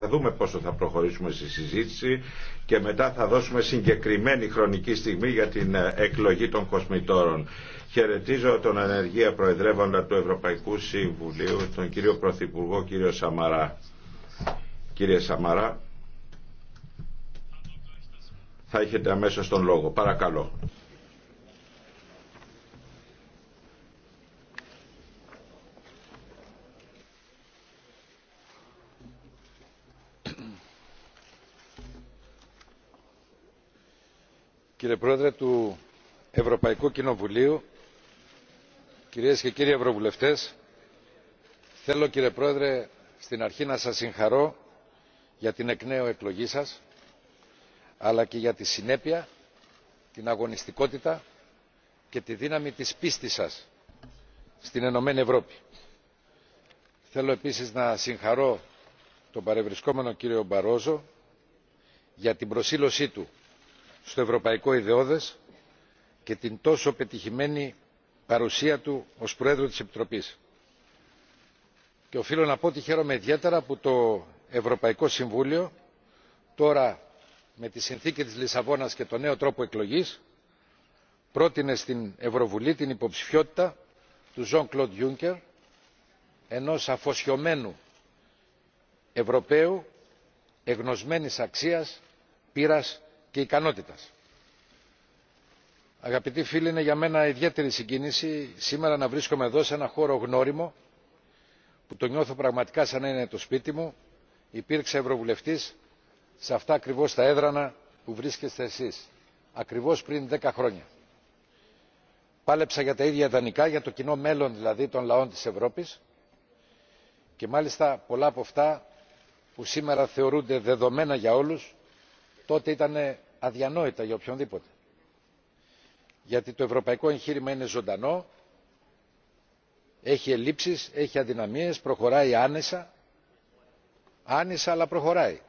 Θα δούμε πόσο θα προχωρήσουμε στη συζήτηση και μετά θα δώσουμε συγκεκριμένη χρονική στιγμή για την ε, εκλογή των κοσμητόρων. Χαιρετίζω τον ανεργία προεδρεύοντα του Ευρωπαϊκού Συμβουλίου, τον κύριο Πρωθυπουργό, κύριο Σαμαρά. Κύριε Σαμαρά, θα έχετε αμέσως τον λόγο. Παρακαλώ. κύριε πρόεδρε του ευρωπαϊκού κοινοβουλίου κυρίες και κύριοι ευρωβουλευτές θέλω κύριε πρόεδρε στην αρχή να σας συγχαρώ για την εκ νέου εκλογή σας αλλά και για τη συνέπεια την αγωνιστικότητα και τη δύναμη της πίστης σας στην ενωμένη ευρώπη. θέλω επίσης να συγχαρώ τον παρευρισκόμενο κύριο μπαρόζο για την προσήλωσή του στο ευρωπαϊκό ιδεώδες και την τόσο πετυχημένη παρουσία του ως Προέδρου της Επιτροπής. Και οφείλω να πω ότι χαίρομαι ιδιαίτερα που το Ευρωπαϊκό Συμβούλιο τώρα με τη συνθήκη της Λισαβόνας και το νέο τρόπο εκλογής πρότεινε στην Ευρωβουλή την υποψηφιότητα του Ζων Κλοντ Juncker ενός αφοσιωμένου Ευρωπαίου εγνωσμένης αξίας, πείρας και ικανότητας. Αγαπητοί φίλοι, είναι για μένα ιδιαίτερη συγκίνηση σήμερα να βρίσκομαι εδώ σε ένα χώρο γνώριμο που το νιώθω πραγματικά σαν να είναι το σπίτι μου. Υπήρξα Ευρωβουλευτής σε αυτά ακριβώς τα έδρανα που βρίσκεστε εσείς, ακριβώς πριν 10 χρόνια. Πάλεψα για τα ίδια ιδανικά, για το κοινό μέλλον δηλαδή των λαών της Ευρώπης και μάλιστα πολλά από αυτά που σήμερα θεωρούνται δεδομένα για όλους τότε ήταν αδιανόητα για οποιονδήποτε γιατί το ευρωπαϊκό εγχείρημα είναι ζωντανό έχει ελλείψεις έχει αδυναμίες προχωράει άνεσα Άνεσα, αλλά προχωράει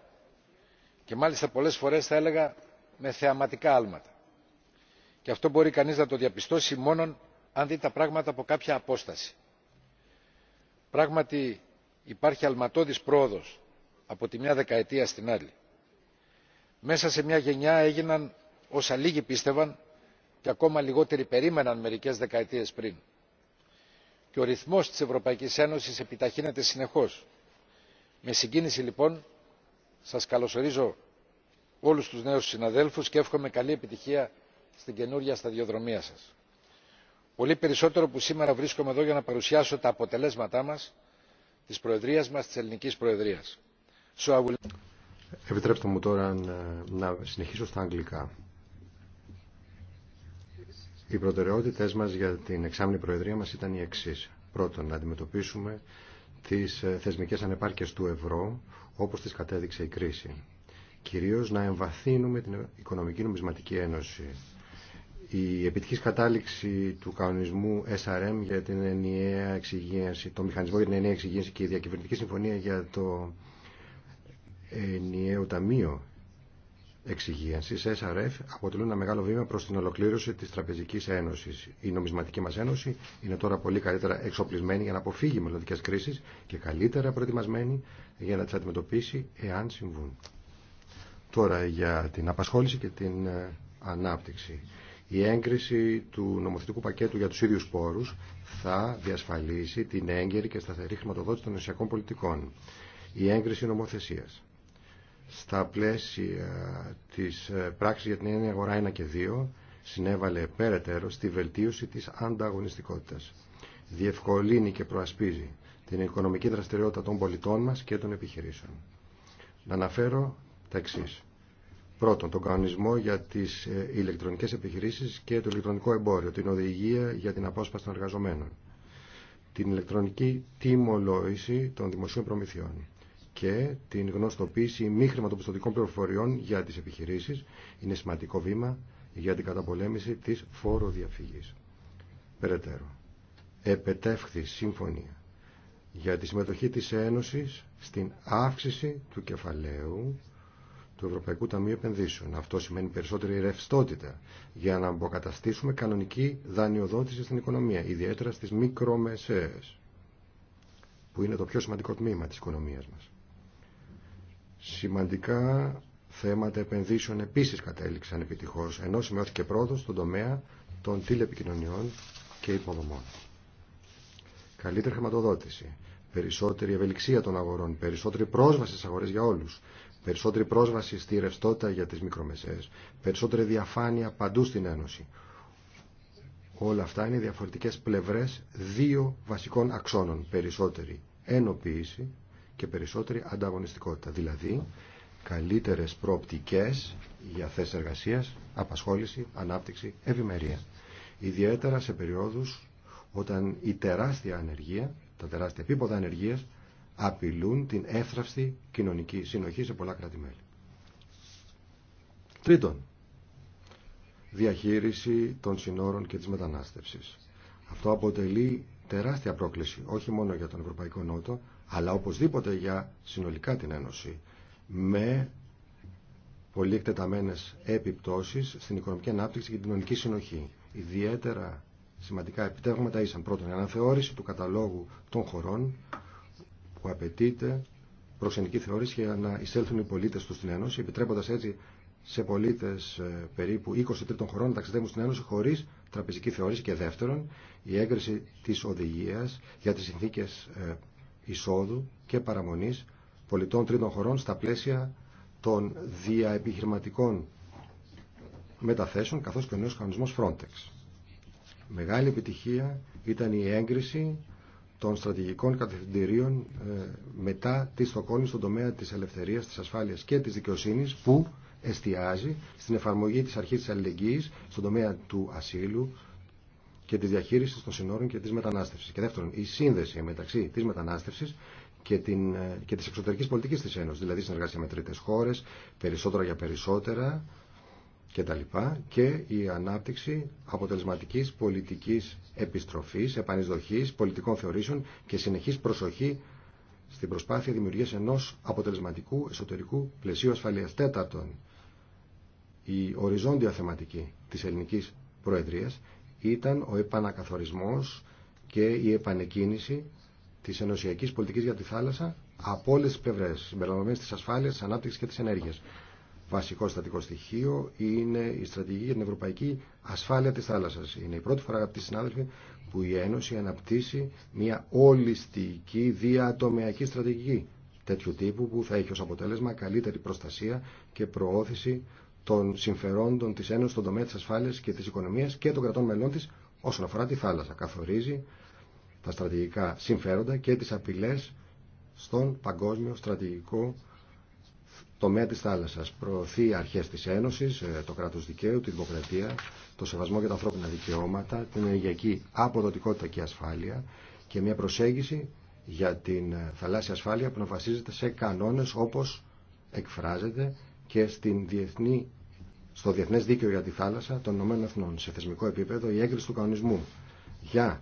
και μάλιστα πολλές φορές θα έλεγα με θεαματικά άλματα. Και αυτό μπορεί κανείς να το διαπιστώσει μόνον αν δει τα πράγματα από κάποια απόσταση. Πράγματι υπάρχει αλματώδης πρόοδος από τη μια δεκαετία στην άλλη μέσα σε μια γενιά έγιναν όσα λίγοι πίστευαν και ακόμα λιγότεροι περίμεναν μερικές δεκαετίες πριν. Και ο ρυθμός της Ευρωπαϊκής Ένωσης επιταχύνεται συνεχώς. Με συγκίνηση λοιπόν σας καλωσορίζω όλους τους νέους συναδέλφους και εύχομαι καλή επιτυχία στην καινούργια σταδιοδρομία σας. Πολύ περισσότερο που σήμερα βρίσκομαι εδώ για να παρουσιάσω τα αποτελέσματά μας της Προεδρίας μας, της Ελληνικής Προεδρίας. So Επιτρέψτε μου τώρα να, συνεχίσω στα αγγλικά. Οι προτεραιότητες μα για την εξάμεινη προεδρία μα ήταν οι εξή. Πρώτον, να αντιμετωπίσουμε τι ε, θεσμικέ ανεπάρκειε του ευρώ, όπω τις κατέδειξε η κρίση. Κυρίως να εμβαθύνουμε την Οικονομική Νομισματική Ένωση. Η επιτυχής κατάληξη του κανονισμού SRM για την ενιαία εξυγίανση, το μηχανισμό για την ενιαία εξυγίανση και η διακυβερνητική συμφωνία για το ενιαίο ταμείο εξυγίανση, SRF, αποτελούν ένα μεγάλο βήμα προ την ολοκλήρωση τη Τραπεζικής Ένωση. Η νομισματική μα ένωση είναι τώρα πολύ καλύτερα εξοπλισμένη για να αποφύγει μελλοντικέ κρίσει και καλύτερα προετοιμασμένη για να τι αντιμετωπίσει εάν συμβούν. Τώρα για την απασχόληση και την ε, ανάπτυξη. Η έγκριση του νομοθετικού πακέτου για του ίδιου πόρου θα διασφαλίσει την έγκαιρη και σταθερή χρηματοδότηση των ενωσιακών πολιτικών. Η έγκριση νομοθεσία στα πλαίσια της ε, πράξης για την έννοια αγορά 1 και 2 συνέβαλε περαιτέρω στη βελτίωση της ανταγωνιστικότητας. Διευκολύνει και προασπίζει την οικονομική δραστηριότητα των πολιτών μας και των επιχειρήσεων. Να αναφέρω τα εξή. Πρώτον, τον κανονισμό για τις ε, ηλεκτρονικές επιχειρήσεις και το ηλεκτρονικό εμπόριο, την οδηγία για την απόσπαση των εργαζομένων, την ηλεκτρονική τιμολόγηση των δημοσίων προμηθειών, και την γνωστοποίηση μη χρηματοπιστωτικών πληροφοριών για τις επιχειρήσεις είναι σημαντικό βήμα για την καταπολέμηση της φοροδιαφυγής. Περαιτέρω, επετεύχθη σύμφωνια για τη συμμετοχή της Ένωσης στην αύξηση του κεφαλαίου του Ευρωπαϊκού Ταμείου Επενδύσεων. Αυτό σημαίνει περισσότερη ρευστότητα για να αποκαταστήσουμε κανονική δανειοδότηση στην οικονομία, ιδιαίτερα στις μικρομεσαίες, που είναι το πιο σημαντικό τμήμα της οικονομίας μας. Σημαντικά θέματα επενδύσεων επίσης κατέληξαν επιτυχώς, ενώ σημειώθηκε πρόοδος στον τομέα των τηλεπικοινωνιών και υποδομών. Καλύτερη χρηματοδότηση, περισσότερη ευελιξία των αγορών, περισσότερη πρόσβαση στις αγορές για όλους, περισσότερη πρόσβαση στη ρευστότητα για τις μικρομεσαίες, περισσότερη διαφάνεια παντού στην Ένωση. Όλα αυτά είναι διαφορετικές πλευρές δύο βασικών αξώνων. Περισσότερη ενοποίηση και περισσότερη ανταγωνιστικότητα. Δηλαδή, καλύτερες προοπτικές για θέσεις εργασίας, απασχόληση, ανάπτυξη, ευημερία. Ιδιαίτερα σε περιόδους όταν η τεράστια ανεργία, τα τεράστια επίποδα ανεργίας απειλούν την έφραυστη κοινωνική συνοχή σε πολλά κράτη-μέλη. Τρίτον, διαχείριση των συνόρων και της μετανάστευσης. Αυτό αποτελεί τεράστια πρόκληση, όχι μόνο για τον Ευρωπαϊκό Νότο, αλλά οπωσδήποτε για συνολικά την Ένωση με πολύ εκτεταμένες επιπτώσεις στην οικονομική ανάπτυξη και την κοινωνική συνοχή. Ιδιαίτερα σημαντικά επιτεύγματα ήσαν πρώτον η αναθεώρηση του καταλόγου των χωρών που απαιτείται προξενική θεώρηση για να εισέλθουν οι πολίτες του στην Ένωση, επιτρέποντας έτσι σε πολίτες ε, περίπου 23 χωρών να ταξιδεύουν στην Ένωση χωρίς τραπεζική θεώρηση και δεύτερον η έγκριση της οδηγίας για τις συνθήκες ε, εισόδου και παραμονής πολιτών τρίτων χωρών στα πλαίσια των διαεπιχειρηματικών μεταθέσεων καθώς και ο νέος κανονισμός Frontex. Μεγάλη επιτυχία ήταν η έγκριση των στρατηγικών κατευθυντηρίων ε, μετά τη Στοκόνη στον τομέα της ελευθερίας, της ασφάλειας και της δικαιοσύνης που εστιάζει στην εφαρμογή της αρχής της αλληλεγγύης στον τομέα του ασύλου, και τη διαχείριση των συνόρων και τη μετανάστευση. Και δεύτερον, η σύνδεση μεταξύ τη μετανάστευση και, ε, και της εξωτερικής πολιτικής της Ένωσης, δηλαδή συνεργασία με τρίτε χώρε, περισσότερα για περισσότερα κτλ. και η ανάπτυξη αποτελεσματική πολιτική επιστροφή, επανεισδοχή πολιτικών θεωρήσεων και συνεχής προσοχή στην προσπάθεια δημιουργία ενό αποτελεσματικού εσωτερικού πλαισίου ασφαλεία, Τέταρτον, η οριζόντια θεματική τη ελληνική Προεδρίας ήταν ο επανακαθορισμός και η επανεκκίνηση της ενωσιακής πολιτικής για τη θάλασσα από όλες τις πλευρές, συμπεριλαμβανομένες της ασφάλειας, της ανάπτυξης και της ενέργειας. Βασικό στατικό στοιχείο είναι η στρατηγική για την ευρωπαϊκή ασφάλεια της θάλασσας. Είναι η πρώτη φορά, αγαπητοί συνάδελφοι, που η Ένωση αναπτύσσει μια ολιστική διατομιακή στρατηγική τέτοιου τύπου που θα έχει ως αποτέλεσμα καλύτερη προστασία και προώθηση των συμφερόντων τη Ένωση στον τομέα τη ασφάλεια και τη οικονομία και των κρατών μελών τη όσον αφορά τη θάλασσα. Καθορίζει τα στρατηγικά συμφέροντα και τι απειλέ στον παγκόσμιο στρατηγικό τομέα τη θάλασσα, Προωθεί αρχέ τη Ένωση, ε, το κράτο δικαίου, τη δημοκρατία, το σεβασμό για τα ανθρώπινα δικαιώματα, την ενεργειακή αποδοτικότητα και ασφάλεια και μια προσέγγιση για την ε, θαλάσσια ασφάλεια που να βασίζεται σε κανόνες όπως εκφράζεται και διεθνή, στο Διεθνές Δίκαιο για τη Θάλασσα των Ηνωμένων Εθνών. Σε θεσμικό επίπεδο, η έγκριση του κανονισμού για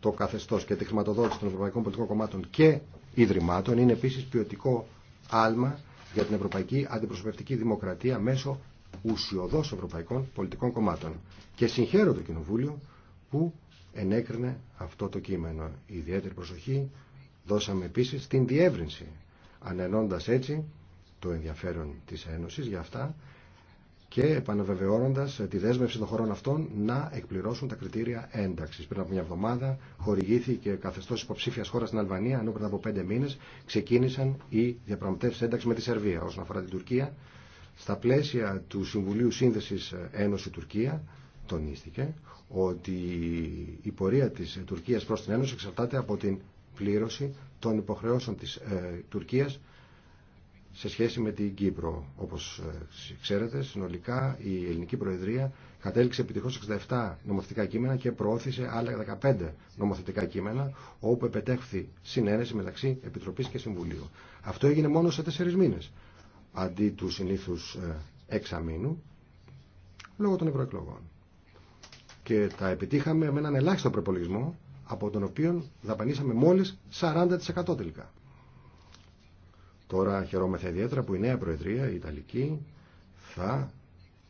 το καθεστώς και τη χρηματοδότηση των Ευρωπαϊκών Πολιτικών Κομμάτων και Ιδρυμάτων είναι επίσης ποιοτικό άλμα για την Ευρωπαϊκή Αντιπροσωπευτική Δημοκρατία μέσω ουσιοδός Ευρωπαϊκών Πολιτικών Κομμάτων. Και συγχαίρω το Κοινοβούλιο που ενέκρινε αυτό το κείμενο. ιδιαίτερη προσοχή δώσαμε επίσης στην διεύρυνση, ανενώντας έτσι το ενδιαφέρον της Ένωσης για αυτά και επαναβεβαιώνοντας τη δέσμευση των χωρών αυτών να εκπληρώσουν τα κριτήρια ένταξης. Πριν από μια εβδομάδα χορηγήθηκε καθεστώς υποψήφια χώρα στην Αλβανία, ενώ πριν από πέντε μήνες ξεκίνησαν οι διαπραγματεύσεις ένταξη με τη Σερβία. Όσον αφορά την Τουρκία, στα πλαίσια του Συμβουλίου Σύνδεσης Ένωση-Τουρκία τονίστηκε ότι η πορεία της Τουρκίας προς την Ένωση εξαρτάται από την πλήρωση των υποχρεώσεων της ε, Τουρκίας σε σχέση με την Κύπρο. Όπως ε, ξέρετε, συνολικά η ελληνική προεδρία κατέληξε επιτυχώς 67 νομοθετικά κείμενα και προώθησε άλλα 15 νομοθετικά κείμενα, όπου επετέχθη συνένεση μεταξύ Επιτροπής και Συμβουλίου. Αυτό έγινε μόνο σε 4 μήνες, αντί του συνήθους έξα ε, μήνου, λόγω των ευρωεκλογών. Και τα επιτύχαμε με έναν ελάχιστο προπολογισμό, από τον οποίο δαπανίσαμε μόλις 40% τελικά. Τώρα χαιρόμεθα ιδιαίτερα που η νέα Προεδρία, η Ιταλική, θα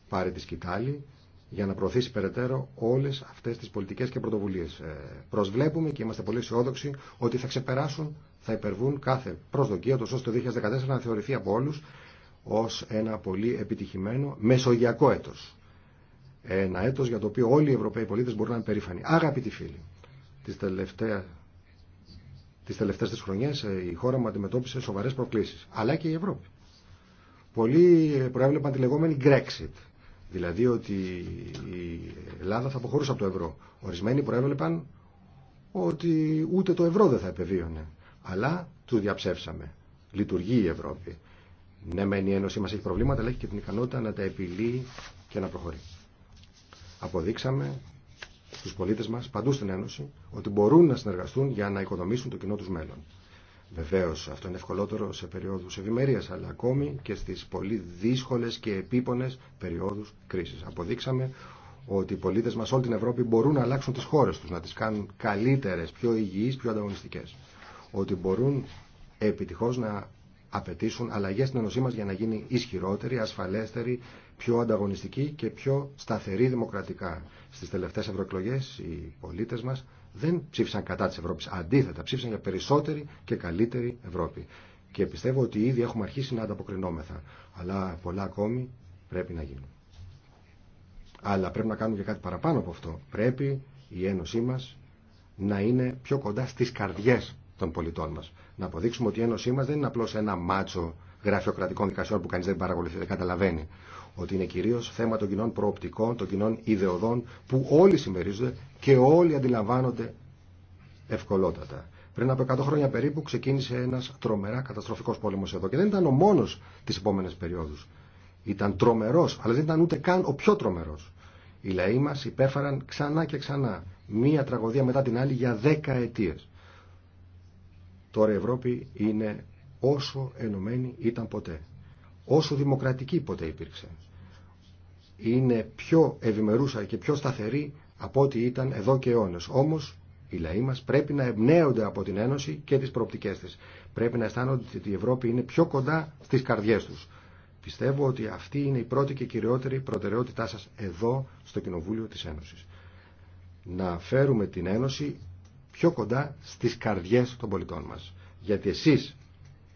πάρει τη σκητάλη για να προωθήσει περαιτέρω όλε αυτέ τι πολιτικέ και πρωτοβουλίε. Ε, προσβλέπουμε και είμαστε πολύ αισιόδοξοι ότι θα ξεπεράσουν, θα υπερβούν κάθε προσδοκία, του, ώστε το 2014 να θεωρηθεί από όλου ω ένα πολύ επιτυχημένο μεσογειακό έτο. Ένα έτο για το οποίο όλοι οι Ευρωπαίοι πολίτε μπορούν να είναι περήφανοι. Αγαπητοί φίλοι, τις τελευταίες, τις τελευταίες της χρονιές ε, η χώρα μου αντιμετώπισε σοβαρές προκλήσεις, αλλά και η Ευρώπη. Πολλοί προέβλεπαν τη λεγόμενη Brexit, δηλαδή ότι η Ελλάδα θα αποχωρούσε από το ευρώ. Ορισμένοι προέβλεπαν ότι ούτε το ευρώ δεν θα επεβίωνε, αλλά το διαψεύσαμε. Λειτουργεί η Ευρώπη. Ναι, μεν η Ένωση μα έχει προβλήματα, αλλά έχει και την ικανότητα να τα επιλύει και να προχωρεί. Αποδείξαμε στους πολίτες μας παντού στην Ένωση ότι μπορούν να συνεργαστούν για να οικοδομήσουν το κοινό τους μέλλον. Βεβαίω, αυτό είναι ευκολότερο σε περιόδου ευημερία, αλλά ακόμη και στι πολύ δύσκολε και επίπονε περιόδου κρίση. Αποδείξαμε ότι οι πολίτε μα όλη την Ευρώπη μπορούν να αλλάξουν τι χώρε του, να τι κάνουν καλύτερε, πιο υγιεί, πιο ανταγωνιστικέ. Ότι μπορούν επιτυχώ να απαιτήσουν αλλαγέ στην ενωσή μα για να γίνει ισχυρότερη, ασφαλέστερη πιο ανταγωνιστική και πιο σταθερή δημοκρατικά. Στι τελευταίε ευρωεκλογέ οι πολίτε μα δεν ψήφισαν κατά τη Ευρώπη. Αντίθετα, ψήφισαν για περισσότερη και καλύτερη Ευρώπη. Και πιστεύω ότι ήδη έχουμε αρχίσει να ανταποκρινόμεθα. Αλλά πολλά ακόμη πρέπει να γίνουν. Αλλά πρέπει να κάνουμε και κάτι παραπάνω από αυτό. Πρέπει η Ένωσή μα να είναι πιο κοντά στι καρδιές των πολιτών μα. Να αποδείξουμε ότι η Ένωσή μα δεν είναι απλώ ένα μάτσο γραφειοκρατικών δικασιών που κανεί δεν παρακολουθεί, δεν καταλαβαίνει ότι είναι κυρίως θέμα των κοινών προοπτικών, των κοινών ιδεωδών που όλοι συμμερίζονται και όλοι αντιλαμβάνονται ευκολότατα. Πριν από 100 χρόνια περίπου ξεκίνησε ένας τρομερά καταστροφικός πόλεμος εδώ και δεν ήταν ο μόνος τις επόμενες περιόδους. Ήταν τρομερός, αλλά δεν ήταν ούτε καν ο πιο τρομερός. Οι λαοί μας υπέφαραν ξανά και ξανά, μία τραγωδία μετά την άλλη για δέκα αιτίες. Τώρα η Ευρώπη είναι όσο ενωμένη ήταν ποτέ, όσο δημοκρατική ποτέ υπήρξε είναι πιο ευημερούσα και πιο σταθερή από ό,τι ήταν εδώ και αιώνες. Όμως οι λαοί μας πρέπει να εμπνέονται από την Ένωση και τις προοπτικές της. Πρέπει να αισθάνονται ότι η Ευρώπη είναι πιο κοντά στις καρδιές τους. Πιστεύω ότι αυτή είναι η πρώτη και κυριότερη προτεραιότητά σας εδώ στο Κοινοβούλιο της Ένωσης. Να φέρουμε την Ένωση πιο κοντά στις καρδιές των πολιτών μας. Γιατί εσείς,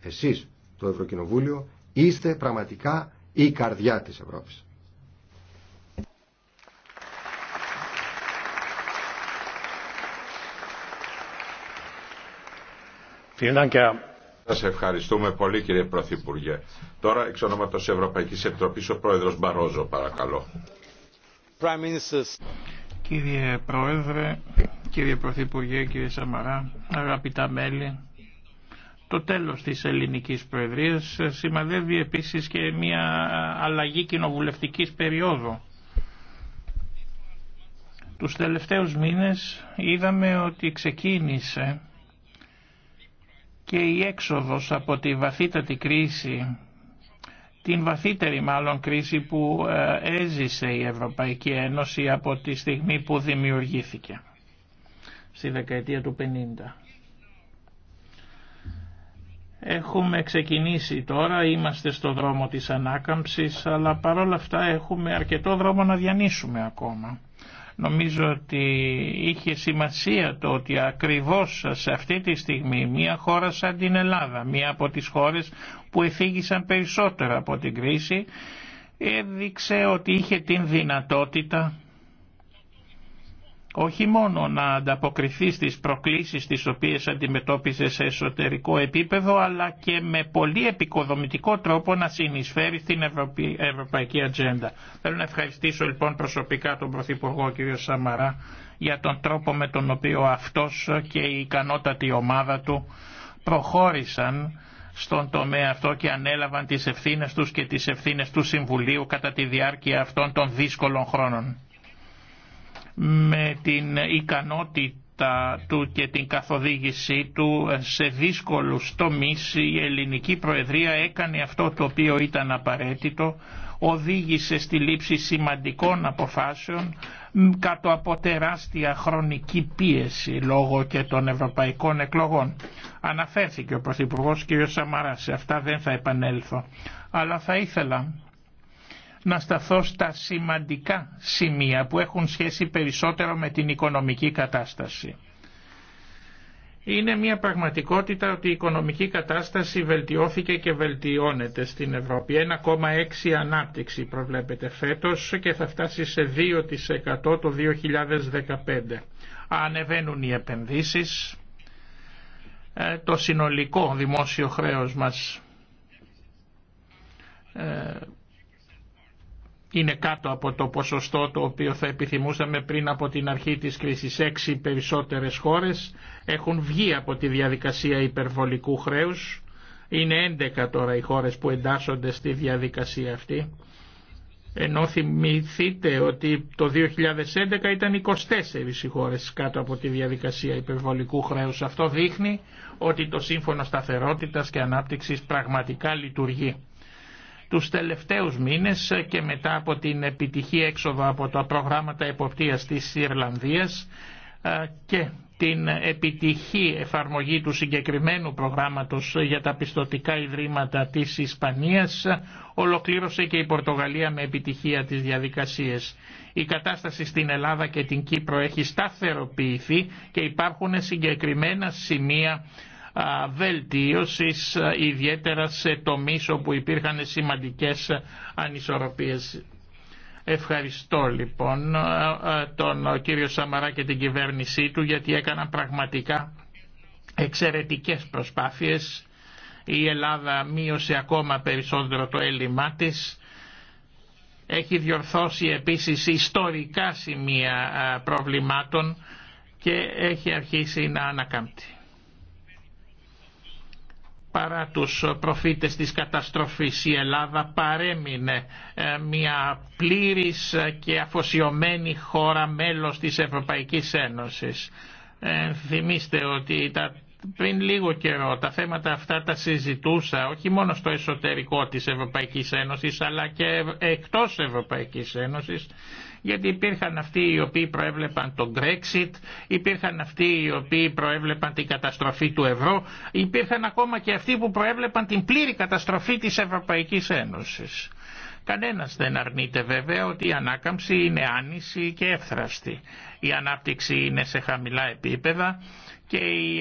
εσείς το Ευρωκοινοβούλιο, είστε πραγματικά η καρδιά της Ευρώπης. Σας ευχαριστούμε πολύ κύριε Πρωθυπουργέ. Τώρα εξ ονόματος Ευρωπαϊκή Επιτροπής ο Πρόεδρος Μπαρόζο παρακαλώ. Κύριε Πρόεδρε, κύριε Πρωθυπουργέ, κύριε Σαμαρά, αγαπητά μέλη, το τέλος της ελληνικής προεδρίας σημαδεύει επίσης και μια αλλαγή κοινοβουλευτικής περίοδου. Τους τελευταίους μήνες είδαμε ότι ξεκίνησε και η έξοδος από τη βαθύτατη κρίση, την βαθύτερη μάλλον κρίση που ε, έζησε η Ευρωπαϊκή Ένωση από τη στιγμή που δημιουργήθηκε στη δεκαετία του 50. Έχουμε ξεκινήσει τώρα, είμαστε στο δρόμο της ανάκαμψης, αλλά παρόλα αυτά έχουμε αρκετό δρόμο να διανύσουμε ακόμα. Νομίζω ότι είχε σημασία το ότι ακριβώς σε αυτή τη στιγμή μια χώρα σαν την Ελλάδα, μια από τις χώρες που εφήγησαν περισσότερα από την κρίση, έδειξε ότι είχε την δυνατότητα όχι μόνο να ανταποκριθεί στις προκλήσεις τις οποίες αντιμετώπιζε σε εσωτερικό επίπεδο αλλά και με πολύ επικοδομητικό τρόπο να συνεισφέρει στην ευρωπαϊκή ατζέντα. Θέλω να ευχαριστήσω λοιπόν προσωπικά τον Πρωθυπουργό κ. Σαμαρά για τον τρόπο με τον οποίο αυτός και η ικανότατη ομάδα του προχώρησαν στον τομέα αυτό και ανέλαβαν τις ευθύνες τους και τις ευθύνες του Συμβουλίου κατά τη διάρκεια αυτών των δύσκολων χρόνων με την ικανότητα του και την καθοδήγησή του σε δύσκολους τομείς η ελληνική προεδρία έκανε αυτό το οποίο ήταν απαραίτητο οδήγησε στη λήψη σημαντικών αποφάσεων κάτω από τεράστια χρονική πίεση λόγω και των ευρωπαϊκών εκλογών. Αναφέρθηκε ο Πρωθυπουργός κ. Σαμαρά, σε αυτά δεν θα επανέλθω. Αλλά θα ήθελα να σταθώ στα σημαντικά σημεία που έχουν σχέση περισσότερο με την οικονομική κατάσταση. Είναι μια πραγματικότητα ότι η οικονομική κατάσταση βελτιώθηκε και βελτιώνεται στην Ευρώπη. 1,6 ανάπτυξη προβλέπεται φέτος και θα φτάσει σε 2% το 2015. Ανεβαίνουν οι επενδύσεις, ε, το συνολικό δημόσιο χρέος μας ε, είναι κάτω από το ποσοστό το οποίο θα επιθυμούσαμε πριν από την αρχή της κρίσης. Έξι περισσότερες χώρες έχουν βγει από τη διαδικασία υπερβολικού χρέους. Είναι 11 τώρα οι χώρες που εντάσσονται στη διαδικασία αυτή. Ενώ θυμηθείτε ότι το 2011 ήταν 24 οι χώρες κάτω από τη διαδικασία υπερβολικού χρέους. Αυτό δείχνει ότι το Σύμφωνο Σταθερότητας και Ανάπτυξης πραγματικά λειτουργεί. Τους τελευταίους μήνες και μετά από την επιτυχή έξοδο από τα προγράμματα εποπτείας της Ιρλανδίας ε, και την επιτυχή εφαρμογή του συγκεκριμένου προγράμματος για τα πιστοτικά ιδρύματα της Ισπανίας ολοκλήρωσε και η Πορτογαλία με επιτυχία τις διαδικασίες. Η κατάσταση στην Ελλάδα και την Κύπρο έχει σταθεροποιηθεί και υπάρχουν συγκεκριμένα σημεία βελτίωσης ιδιαίτερα σε τομείς όπου υπήρχαν σημαντικές ανισορροπίες. Ευχαριστώ λοιπόν τον κύριο Σαμαρά και την κυβέρνησή του γιατί έκαναν πραγματικά εξαιρετικές προσπάθειες. Η Ελλάδα μείωσε ακόμα περισσότερο το έλλειμμά της. Έχει διορθώσει επίσης ιστορικά σημεία προβλημάτων και έχει αρχίσει να ανακάμπτει παρά τους προφήτες της καταστροφής η Ελλάδα παρέμεινε ε, μια πλήρης και αφοσιωμένη χώρα μέλος της Ευρωπαϊκής Ένωσης. Ε, θυμίστε ότι τα, πριν λίγο καιρό τα θέματα αυτά τα συζητούσα όχι μόνο στο εσωτερικό της Ευρωπαϊκής Ένωσης αλλά και εκτός Ευρωπαϊκής Ένωσης γιατί υπήρχαν αυτοί οι οποίοι προέβλεπαν τον Brexit, υπήρχαν αυτοί οι οποίοι προέβλεπαν την καταστροφή του ευρώ, υπήρχαν ακόμα και αυτοί που προέβλεπαν την πλήρη καταστροφή της Ευρωπαϊκής Ένωσης. Κανένας δεν αρνείται βέβαια ότι η ανάκαμψη είναι άνηση και εύθραυστη. Η ανάπτυξη είναι σε χαμηλά επίπεδα και η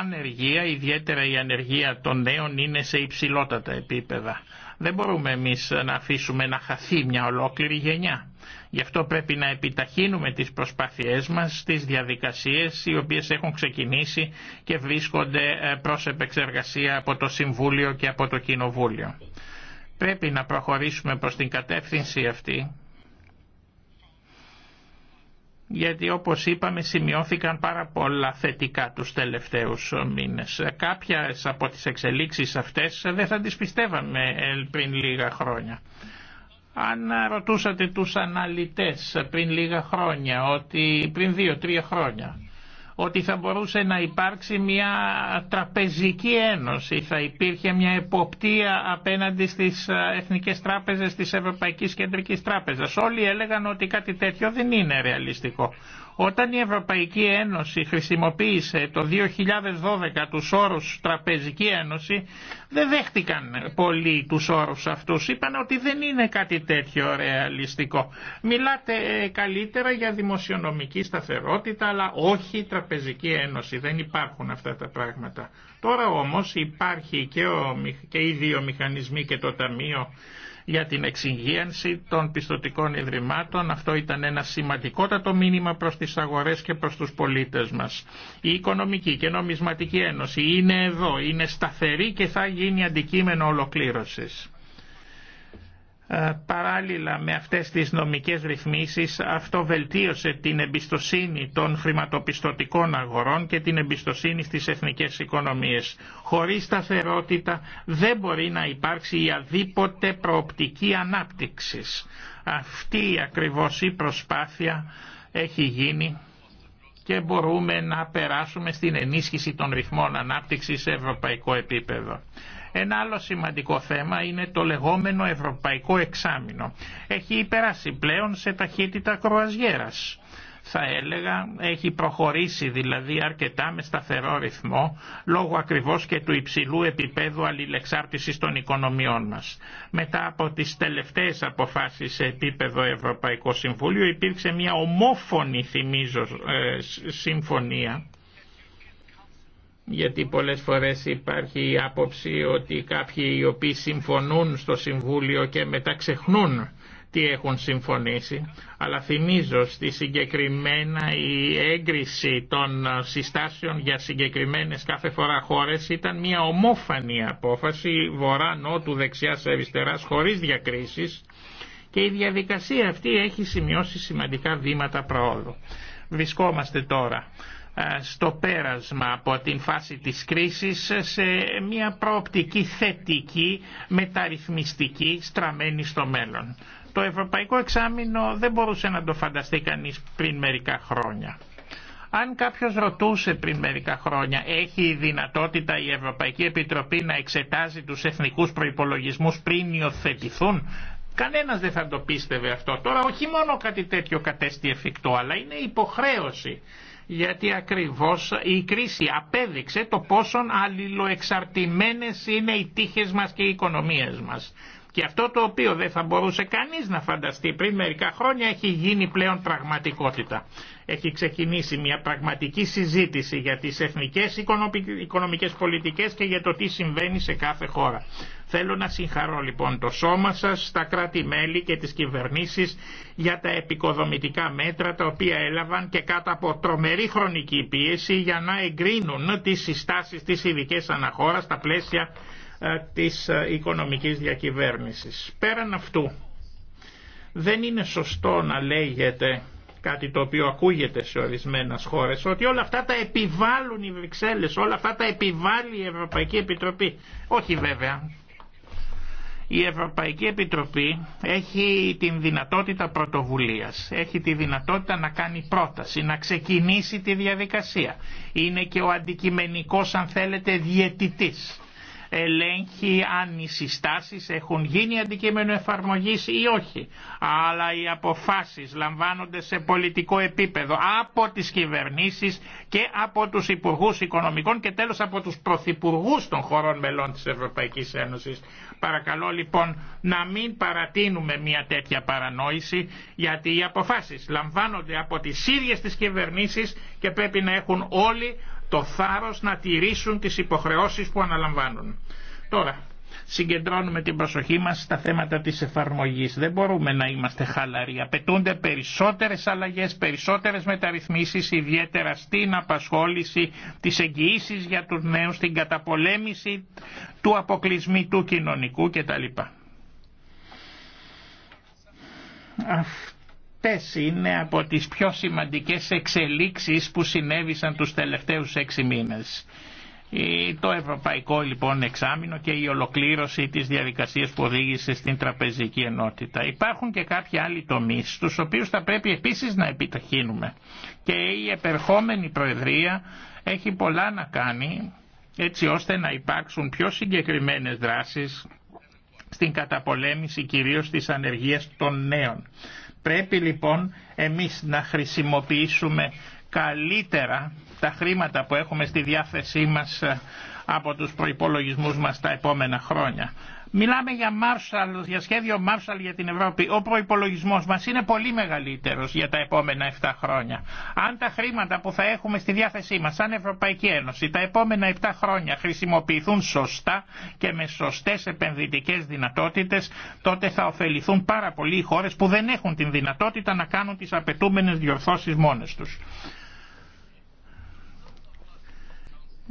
ανεργία, ιδιαίτερα η ανεργία των νέων είναι σε υψηλότατα επίπεδα. Δεν μπορούμε εμείς να αφήσουμε να χαθεί μια ολόκληρη γενιά. Γι' αυτό πρέπει να επιταχύνουμε τις προσπάθειές μας στις διαδικασίες οι οποίες έχουν ξεκινήσει και βρίσκονται ε, προς επεξεργασία από το Συμβούλιο και από το Κοινοβούλιο. Πρέπει να προχωρήσουμε προς την κατεύθυνση αυτή γιατί όπως είπαμε σημειώθηκαν πάρα πολλά θετικά τους τελευταίους μήνες. Κάποιες από τις εξελίξεις αυτές δεν θα τις πιστεύαμε ε, πριν λίγα χρόνια. Αν ρωτούσατε τους αναλυτές πριν λίγα χρόνια, ότι πριν δύο-τρία χρόνια, ότι θα μπορούσε να υπάρξει μια τραπεζική ένωση, θα υπήρχε μια εποπτεία απέναντι στις εθνικές τράπεζες της Ευρωπαϊκής Κεντρικής Τράπεζας. Όλοι έλεγαν ότι κάτι τέτοιο δεν είναι ρεαλιστικό. Όταν η Ευρωπαϊκή Ένωση χρησιμοποίησε το 2012 τους όρους Τραπεζική Ένωση, δεν δέχτηκαν πολλοί τους όρους αυτούς. Είπαν ότι δεν είναι κάτι τέτοιο ρεαλιστικό. Μιλάτε ε, καλύτερα για δημοσιονομική σταθερότητα, αλλά όχι Τραπεζική Ένωση. Δεν υπάρχουν αυτά τα πράγματα. Τώρα όμως υπάρχει και, ο, και οι δύο μηχανισμοί και το Ταμείο για την εξυγίανση των πιστοτικών ιδρυμάτων. Αυτό ήταν ένα σημαντικότατο μήνυμα προς τις αγορές και προς τους πολίτες μας. Η Οικονομική και Νομισματική Ένωση είναι εδώ, είναι σταθερή και θα γίνει αντικείμενο ολοκλήρωσης. Ε, παράλληλα με αυτές τις νομικές ρυθμίσεις αυτό βελτίωσε την εμπιστοσύνη των χρηματοπιστωτικών αγορών και την εμπιστοσύνη στις εθνικές οικονομίες. Χωρίς σταθερότητα δεν μπορεί να υπάρξει η αδίποτε προοπτική ανάπτυξης. Αυτή ακριβώς η προσπάθεια έχει γίνει και μπορούμε να περάσουμε στην ενίσχυση των ρυθμών ανάπτυξης σε ευρωπαϊκό επίπεδο. Ένα άλλο σημαντικό θέμα είναι το λεγόμενο ευρωπαϊκό εξάμεινο. Έχει υπεράσει πλέον σε ταχύτητα κρουαζιέρας θα έλεγα έχει προχωρήσει δηλαδή αρκετά με σταθερό ρυθμό λόγω ακριβώς και του υψηλού επίπεδου αλληλεξάρτησης των οικονομιών μας. Μετά από τις τελευταίες αποφάσεις σε επίπεδο Ευρωπαϊκό Συμβούλιο υπήρξε μια ομόφωνη θυμίζω ε, συμφωνία γιατί πολλές φορές υπάρχει η άποψη ότι κάποιοι οι οποίοι συμφωνούν στο Συμβούλιο και μετά ξεχνούν τι έχουν συμφωνήσει, αλλά θυμίζω στη συγκεκριμένα η έγκριση των συστάσεων για συγκεκριμένες κάθε φορά χώρες ήταν μια ομόφανη απόφαση βορρά-νότου, δεξιας αριστερά χωρίς διακρίσεις και η διαδικασία αυτή έχει σημειώσει σημαντικά βήματα προόδου. Βρισκόμαστε τώρα ε, στο πέρασμα από την φάση της κρίσης σε μια προοπτική θετική, μεταρρυθμιστική, στραμμένη στο μέλλον. Το ευρωπαϊκό εξάμεινο δεν μπορούσε να το φανταστεί κανείς πριν μερικά χρόνια. Αν κάποιος ρωτούσε πριν μερικά χρόνια έχει η δυνατότητα η Ευρωπαϊκή Επιτροπή να εξετάζει τους εθνικούς προϋπολογισμούς πριν υιοθετηθούν, κανένας δεν θα το πίστευε αυτό. Τώρα όχι μόνο κάτι τέτοιο κατέστη εφικτό, αλλά είναι υποχρέωση γιατί ακριβώς η κρίση απέδειξε το πόσον αλληλοεξαρτημένες είναι οι τύχες μας και οι οικονομίες μας. Και αυτό το οποίο δεν θα μπορούσε κανείς να φανταστεί πριν μερικά χρόνια έχει γίνει πλέον πραγματικότητα. Έχει ξεκινήσει μια πραγματική συζήτηση για τις εθνικές οικονομικές πολιτικές και για το τι συμβαίνει σε κάθε χώρα. Θέλω να συγχαρώ λοιπόν το σώμα σας, τα κράτη-μέλη και τις κυβερνήσεις για τα επικοδομητικά μέτρα τα οποία έλαβαν και κάτω από τρομερή χρονική πίεση για να εγκρίνουν τις συστάσεις της ειδική αναχώρας στα πλαίσια ε, της ε, οικονομικής διακυβέρνησης. Πέραν αυτού, δεν είναι σωστό να λέγεται κάτι το οποίο ακούγεται σε ορισμένε χώρε, ότι όλα αυτά τα επιβάλλουν οι Βρυξέλλες, όλα αυτά τα επιβάλλει η Ευρωπαϊκή Επιτροπή. Όχι βέβαια, η Ευρωπαϊκή Επιτροπή έχει την δυνατότητα πρωτοβουλίας, έχει τη δυνατότητα να κάνει πρόταση, να ξεκινήσει τη διαδικασία. Είναι και ο αντικειμενικός αν θέλετε διαιτητής ελέγχει αν οι συστάσεις έχουν γίνει αντικείμενο εφαρμογής ή όχι. Αλλά οι αποφάσεις λαμβάνονται σε πολιτικό επίπεδο από τις κυβερνήσεις και από τους υπουργούς οικονομικών και τέλος από τους πρωθυπουργούς των χωρών μελών της Ευρωπαϊκής Ένωσης. Παρακαλώ λοιπόν να μην παρατείνουμε μια τέτοια παρανόηση γιατί οι αποφάσεις λαμβάνονται από τις ίδιες τις κυβερνήσεις και πρέπει να έχουν όλοι το θάρρος να τηρήσουν τις υποχρεώσεις που αναλαμβάνουν. Τώρα, συγκεντρώνουμε την προσοχή μας στα θέματα της εφαρμογής. Δεν μπορούμε να είμαστε χαλαροί. Απαιτούνται περισσότερες αλλαγές, περισσότερες μεταρρυθμίσεις, ιδιαίτερα στην απασχόληση, τις εγγυήσει για τους νέους, στην καταπολέμηση του αποκλεισμού του κοινωνικού κτλ. Αυτές είναι από τις πιο σημαντικές εξελίξεις που συνέβησαν τους τελευταίους έξι μήνες. Το ευρωπαϊκό λοιπόν εξάμεινο και η ολοκλήρωση της διαδικασίας που οδήγησε στην τραπεζική ενότητα. Υπάρχουν και κάποιοι άλλοι τομείς, στους οποίους θα πρέπει επίσης να επιταχύνουμε. Και η επερχόμενη Προεδρία έχει πολλά να κάνει έτσι ώστε να υπάρξουν πιο συγκεκριμένες δράσεις στην καταπολέμηση κυρίως της ανεργίας των νέων. Πρέπει λοιπόν εμείς να χρησιμοποιήσουμε καλύτερα τα χρήματα που έχουμε στη διάθεσή μας ε, από τους προϋπολογισμούς μας τα επόμενα χρόνια. Μιλάμε για, Marshall, για σχέδιο Marshall για την Ευρώπη. Ο προπολογισμό μα είναι πολύ μεγαλύτερο για τα επόμενα 7 χρόνια. Αν τα χρήματα που θα έχουμε στη διάθεσή μα, σαν Ευρωπαϊκή Ένωση, τα επόμενα 7 χρόνια χρησιμοποιηθούν σωστά και με σωστέ επενδυτικέ δυνατότητε, τότε θα ωφεληθούν πάρα πολλοί οι χώρε που δεν έχουν την δυνατότητα να κάνουν τι απαιτούμενε διορθώσει μόνε του.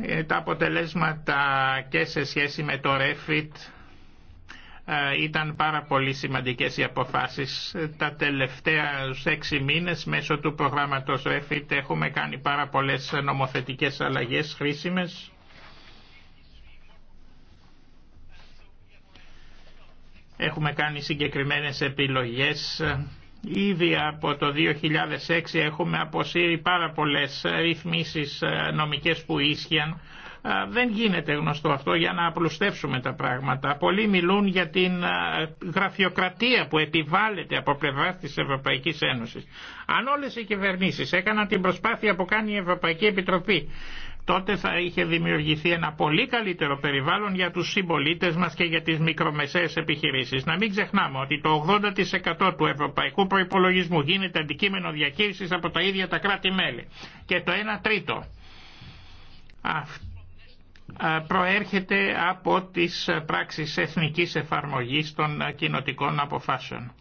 Ε, τα αποτελέσματα και σε σχέση με το Refit ε, ήταν πάρα πολύ σημαντικές οι αποφάσεις. Ε, τα τελευταία έξι μήνες μέσω του προγράμματος REFIT έχουμε κάνει πάρα πολλές νομοθετικές αλλαγές χρήσιμες. Έχουμε κάνει συγκεκριμένες επιλογές. Ήδη από το 2006 έχουμε αποσύρει πάρα πολλές ρυθμίσεις ε, νομικές που ίσχυαν δεν γίνεται γνωστό αυτό για να απλουστεύσουμε τα πράγματα. Πολλοί μιλούν για την γραφειοκρατία που επιβάλλεται από πλευρά τη Ευρωπαϊκή Ένωση. Αν όλε οι κυβερνήσει έκαναν την προσπάθεια που κάνει η Ευρωπαϊκή Επιτροπή τότε θα είχε δημιουργηθεί ένα πολύ καλύτερο περιβάλλον για τους συμπολίτε μας και για τις μικρομεσαίες επιχειρήσεις. Να μην ξεχνάμε ότι το 80% του ευρωπαϊκού προϋπολογισμού γίνεται αντικείμενο διαχείρισης από τα ίδια τα κράτη-μέλη και το 1 τρίτο ε, προέρχεται από τις πράξεις εθνικής εφαρμογής των κοινοτικών αποφάσεων.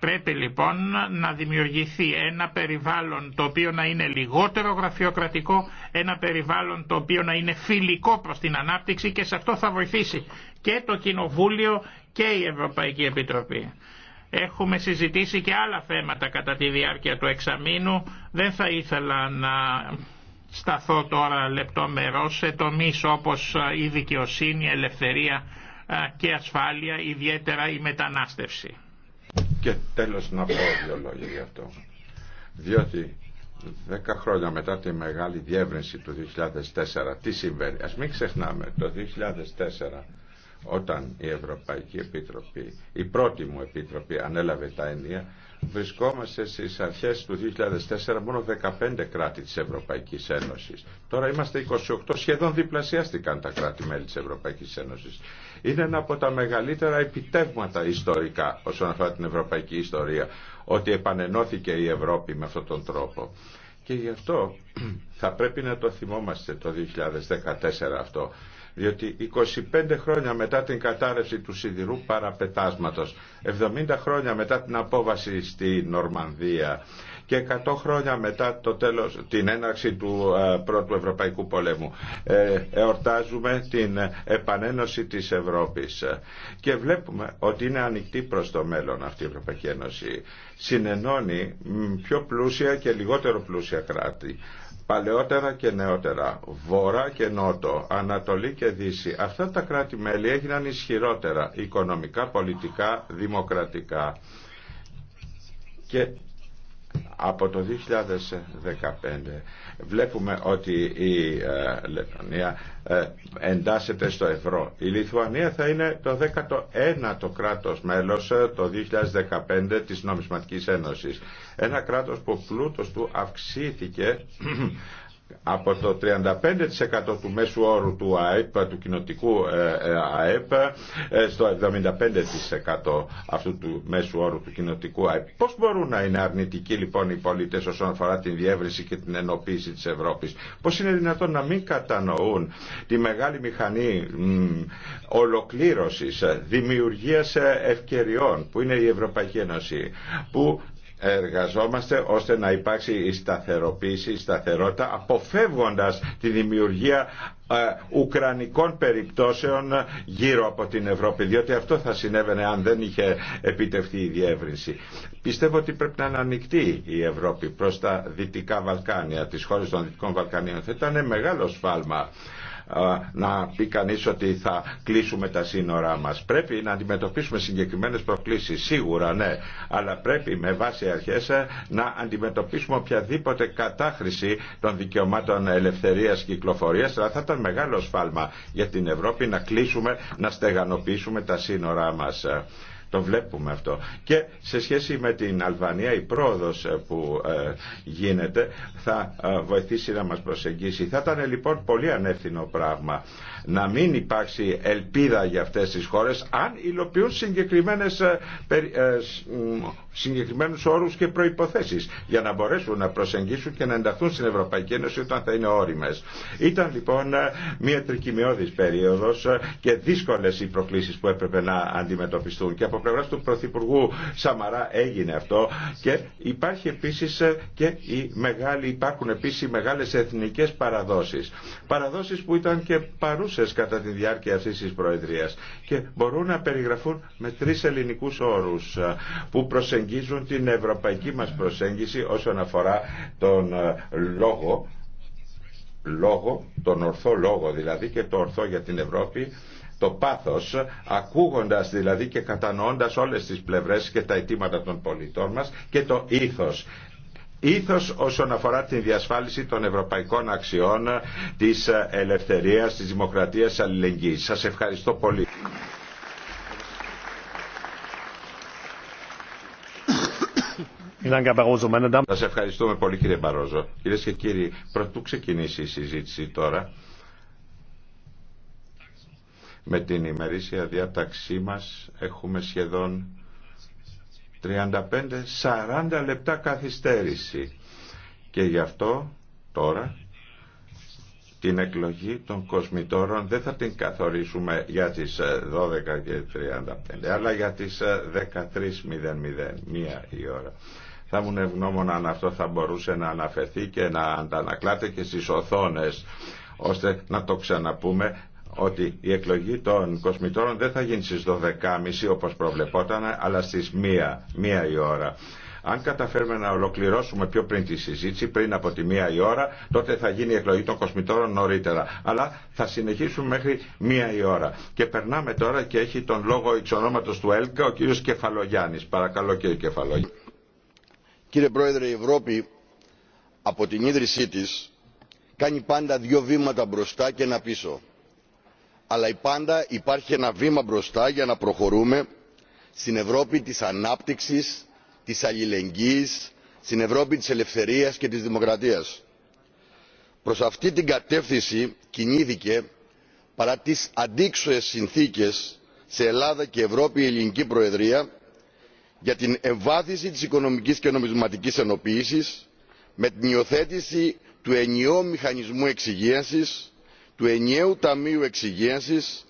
Πρέπει λοιπόν να δημιουργηθεί ένα περιβάλλον το οποίο να είναι λιγότερο γραφειοκρατικό, ένα περιβάλλον το οποίο να είναι φιλικό προς την ανάπτυξη και σε αυτό θα βοηθήσει και το Κοινοβούλιο και η Ευρωπαϊκή Επιτροπή. Έχουμε συζητήσει και άλλα θέματα κατά τη διάρκεια του εξαμήνου. Δεν θα ήθελα να σταθώ τώρα λεπτομερώς σε τομείς όπως ε, η δικαιοσύνη, η ελευθερία ε, και ασφάλεια, ιδιαίτερα η μετανάστευση. Και τέλος να πω δύο λόγια γι' αυτό. Διότι δέκα χρόνια μετά τη μεγάλη διεύρυνση του 2004, τι συμβαίνει. Ας μην ξεχνάμε, το 2004 όταν η Ευρωπαϊκή Επιτροπή, η πρώτη μου Επιτροπή ανέλαβε τα ενία, βρισκόμαστε στις αρχές του 2004 μόνο 15 κράτη της Ευρωπαϊκής Ένωσης. Τώρα είμαστε 28, σχεδόν διπλασιάστηκαν τα κράτη-μέλη της Ευρωπαϊκής Ένωσης. Είναι ένα από τα μεγαλύτερα επιτεύγματα ιστορικά όσον αφορά την ευρωπαϊκή ιστορία, ότι επανενώθηκε η Ευρώπη με αυτόν τον τρόπο. Και γι' αυτό θα πρέπει να το θυμόμαστε το 2014 αυτό διότι 25 χρόνια μετά την κατάρρευση του σιδηρού παραπετάσματος, 70 χρόνια μετά την απόβαση στη Νορμανδία και 100 χρόνια μετά το τέλος, την έναρξη του ε, Πρώτου Ευρωπαϊκού Πολέμου. Ε, εορτάζουμε την επανένωση της Ευρώπης και βλέπουμε ότι είναι ανοιχτή προς το μέλλον αυτή η Ευρωπαϊκή Ένωση. Συνενώνει πιο πλούσια και λιγότερο πλούσια κράτη παλαιότερα και νεότερα, βόρα και νότο, ανατολή και δύση. Αυτά τα κράτη-μέλη έγιναν ισχυρότερα, οικονομικά, πολιτικά, δημοκρατικά από το 2015 βλέπουμε ότι η ε, Λετωνία ε, εντάσσεται στο ευρώ. Η Λιθουανία θα είναι το 19ο κράτος μέλος ε, το 2015 της Νομισματικής Ένωσης. Ένα κράτος που πλούτος του αυξήθηκε από το 35% του μέσου όρου του ΑΕΠ, του κοινοτικού ε, ε, ΑΕΠ, ε, στο 75% αυτού του μέσου όρου του κοινοτικού ΑΕΠ. Πώς μπορούν να είναι αρνητικοί λοιπόν οι πολίτες όσον αφορά την διεύρυνση και την ενοποίηση της Ευρώπης. Πώς είναι δυνατόν να μην κατανοούν τη μεγάλη μηχανή ολοκλήρωσης, δημιουργίας ευκαιριών που είναι η Ευρωπαϊκή Ένωση, που εργαζόμαστε ώστε να υπάρξει η σταθεροποίηση, η σταθερότητα, αποφεύγοντας τη δημιουργία ε, ουκρανικών περιπτώσεων γύρω από την Ευρώπη, διότι αυτό θα συνέβαινε αν δεν είχε επιτευχθεί η διεύρυνση. Πιστεύω ότι πρέπει να είναι ανοιχτή η Ευρώπη προς τα Δυτικά Βαλκάνια, τις χώρες των Δυτικών Βαλκανίων. Θα ήταν μεγάλο σφάλμα να πει κανεί ότι θα κλείσουμε τα σύνορά μας. Πρέπει να αντιμετωπίσουμε συγκεκριμένες προκλήσεις, σίγουρα ναι, αλλά πρέπει με βάση αρχέ ε, να αντιμετωπίσουμε οποιαδήποτε κατάχρηση των δικαιωμάτων ελευθερίας κυκλοφορία. αλλά θα ήταν μεγάλο σφάλμα για την Ευρώπη να κλείσουμε, να στεγανοποιήσουμε τα σύνορά μα. Το βλέπουμε αυτό. Και σε σχέση με την Αλβανία η πρόοδος ε, που ε, γίνεται θα ε, βοηθήσει να μας προσεγγίσει. Θα ήταν λοιπόν πολύ ανεύθυνο πράγμα να μην υπάρξει ελπίδα για αυτές τις χώρες αν υλοποιούν συγκεκριμένες, ε, ε, συγκεκριμένους όρους και προϋποθέσεις για να μπορέσουν να προσεγγίσουν και να ενταχθούν στην Ευρωπαϊκή Ένωση όταν θα είναι όριμες. Ήταν λοιπόν ε, μια τρικυμιώδης περίοδος και δύσκολες οι προκλήσεις που έπρεπε να αντιμετωπιστούν και από πλευράς του Πρωθυπουργού Σαμαρά έγινε αυτό και υπάρχει επίσης και οι μεγάλοι, υπάρχουν επίσης οι μεγάλες εθνικές παραδόσεις. Παραδόσεις που ήταν και παρούσες κατά τη διάρκεια αυτής της Προεδρίας και μπορούν να περιγραφούν με τρεις ελληνικούς όρους ε, που προσεγγίζουν την ευρωπαϊκή μας προσέγγιση όσον αφορά τον ε, λόγο, λόγο, τον ορθό λόγο δηλαδή και το ορθό για την Ευρώπη το πάθος, ακούγοντας δηλαδή και κατανοώντας όλες τις πλευρές και τα αιτήματα των πολιτών μας και το ήθος ήθος όσον αφορά την διασφάλιση των ευρωπαϊκών αξιών της ελευθερίας, της δημοκρατίας, της αλληλεγγύης. Σας ευχαριστώ πολύ. Σας ευχαριστούμε πολύ κύριε Μπαρόζο. Κυρίε και κύριοι, πρωτού ξεκινήσει η συζήτηση τώρα με την ημερήσια διάταξή μας έχουμε σχεδόν 35-40 λεπτά καθυστέρηση. Και γι' αυτό τώρα την εκλογή των κοσμητόρων δεν θα την καθορίσουμε για τις 12 ε, και 35 αλλά για τις 13.00 ε, η ώρα. Θα ήμουν ευγνώμων αν αυτό θα μπορούσε να αναφερθεί και να αντανακλάται και στις οθόνες ώστε να το ξαναπούμε ότι η εκλογή των κοσμητώρων δεν θα γίνει στις 12.30 όπως προβλεπόταν, αλλά στις 1, η ώρα. Αν καταφέρουμε να ολοκληρώσουμε πιο πριν τη συζήτηση, πριν από τη μία η ώρα, τότε θα γίνει η εκλογή των κοσμητόρων νωρίτερα. Αλλά θα συνεχίσουμε μέχρι μία η ώρα. Και περνάμε τώρα και έχει τον λόγο εξ ονόματος του ΕΛΚΑ ο κύριος Κεφαλογιάννης. Παρακαλώ κύριε Κεφαλογιάννη. Κύριε Πρόεδρε, η Ευρώπη από την ίδρυσή της κάνει πάντα δύο βήματα μπροστά και ένα πίσω αλλά πάντα υπάρχει ένα βήμα μπροστά για να προχωρούμε στην ευρώπη της ανάπτυξης της αλληλεγγύης στην ευρώπη της ελευθερίας και της δημοκρατίας. προς αυτή την κατεύθυνση κινήθηκε παρά τις αντίξωες συνθήκες σε ελλάδα και ευρώπη η ελληνική προεδρία για την εμβάθυνση της οικονομικής και νομισματικής ενοποίησης με την υιοθέτηση του ενιαίου μηχανισμού εξυγίανσης του ενιαίου ταμείου εξυγίανσης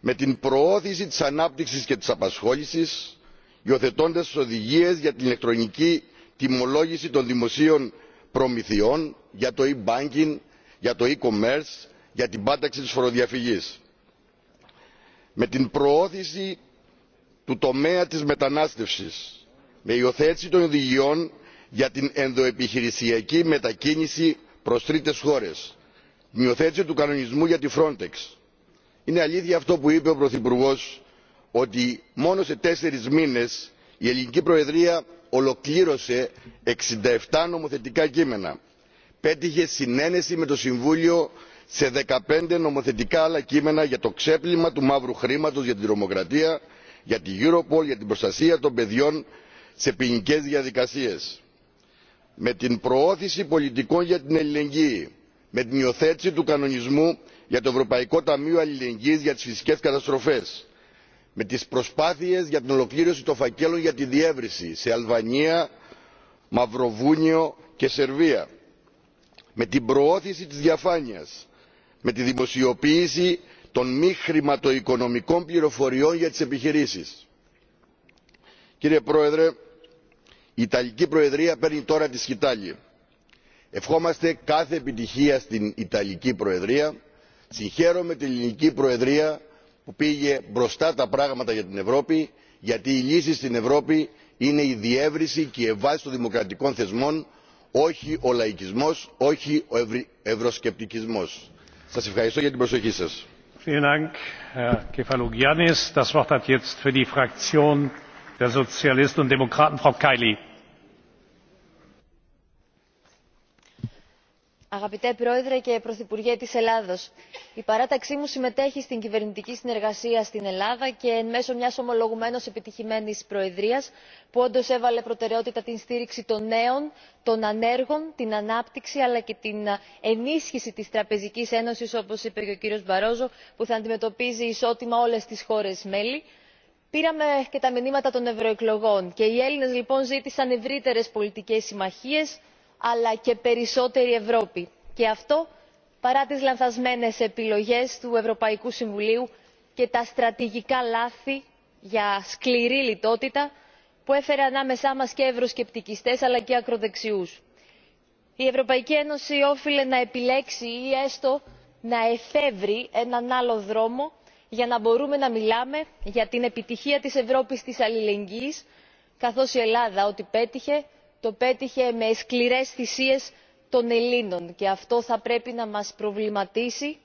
με την προώθηση της ανάπτυξης και της απασχόλησης υιοθετώντας οδηγίες για την ηλεκτρονική τιμολόγηση των δημοσίων προμηθειών για το e banking για το e commerce για την πάταξη της φοροδιαφυγής με την προώθηση του τομέα της μετανάστευσης με υιοθέτηση των οδηγιών για την ενδοεπιχειρησιακή μετακίνηση προς τρίτες χώρες μειοθέτηση του κανονισμού για τη frontex. είναι αλήθεια αυτό που είπε ο πρωθυπουργό ότι μόνο σε τέσσερις μήνες η ελληνική προεδρία ολοκλήρωσε 67 νομοθετικά κείμενα. πέτυχε συνένεση με το συμβούλιο σε 15 νομοθετικά άλλα κείμενα για το ξέπλυμα του μαύρου χρήματος για την τρομοκρατία για την europol για την προστασία των παιδιών σε ποινικέ διαδικασίες. με την προώθηση πολιτικών για την Ελληνική με την υιοθέτηση του κανονισμού για το ευρωπαϊκό ταμείο αλληλεγγύης για τις φυσικές καταστροφές με τις προσπάθειες για την ολοκλήρωση των φακέλων για τη διεύρυνση σε αλβανία μαυροβούνιο και σερβία με την προώθηση της διαφάνειας με τη δημοσιοποίηση των μη χρηματοοικονομικών πληροφοριών για τις επιχειρήσεις. κύριε πρόεδρε η ιταλική προεδρία παίρνει τώρα τη σκητάλη ευχόμαστε κάθε επιτυχία στην ιταλική προεδρία συγχαίρομαι την ελληνική προεδρία που πήγε μπροστά τα πράγματα για την ευρώπη γιατί η λύση στην ευρώπη είναι η διεύρυνση και η ευάθυνση των δημοκρατικών θεσμών όχι ο λαϊκισμός όχι ο ευρωσκεπτικισμός. σας ευχαριστώ για την προσοχή σας. αγαπητέ πρόεδρε και πρωθυπουργέ της ελλάδος η παράταξή μου συμμετέχει στην κυβερνητική συνεργασία στην ελλάδα και εν μέσω μιας ομολογουμένως επιτυχημένης προεδρίας που όντως έβαλε προτεραιότητα την στήριξη των νέων των ανέργων την ανάπτυξη αλλά και την ενίσχυση της τραπεζικής ένωσης όπως είπε και ο κύριος μπαρόζο που θα αντιμετωπίζει ισότιμα όλες τις χώρες μέλη. πήραμε και τα μηνύματα των ευρωεκλογών και οι έλληνες λοιπόν ζήτησαν ευρύτερες πολιτικές συμμαχίες αλλά και περισσότερη ευρώπη και αυτό παρά τις λανθασμένες επιλογές του ευρωπαϊκού συμβουλίου και τα στρατηγικά λάθη για σκληρή λιτότητα που έφερε ανάμεσά μας και ευρωσκεπτικιστές αλλά και ακροδεξιούς. η ευρωπαϊκή ένωση όφιλε να επιλέξει ή έστω να εφεύρει έναν άλλο δρόμο για να μπορούμε να μιλάμε για την επιτυχία της ευρώπης της αλληλεγγύης καθώς η ελλάδα ό,τι πέτυχε το πέτυχε με σκληρές θυσίες των ελλήνων και αυτό θα πρέπει να μας προβληματίσει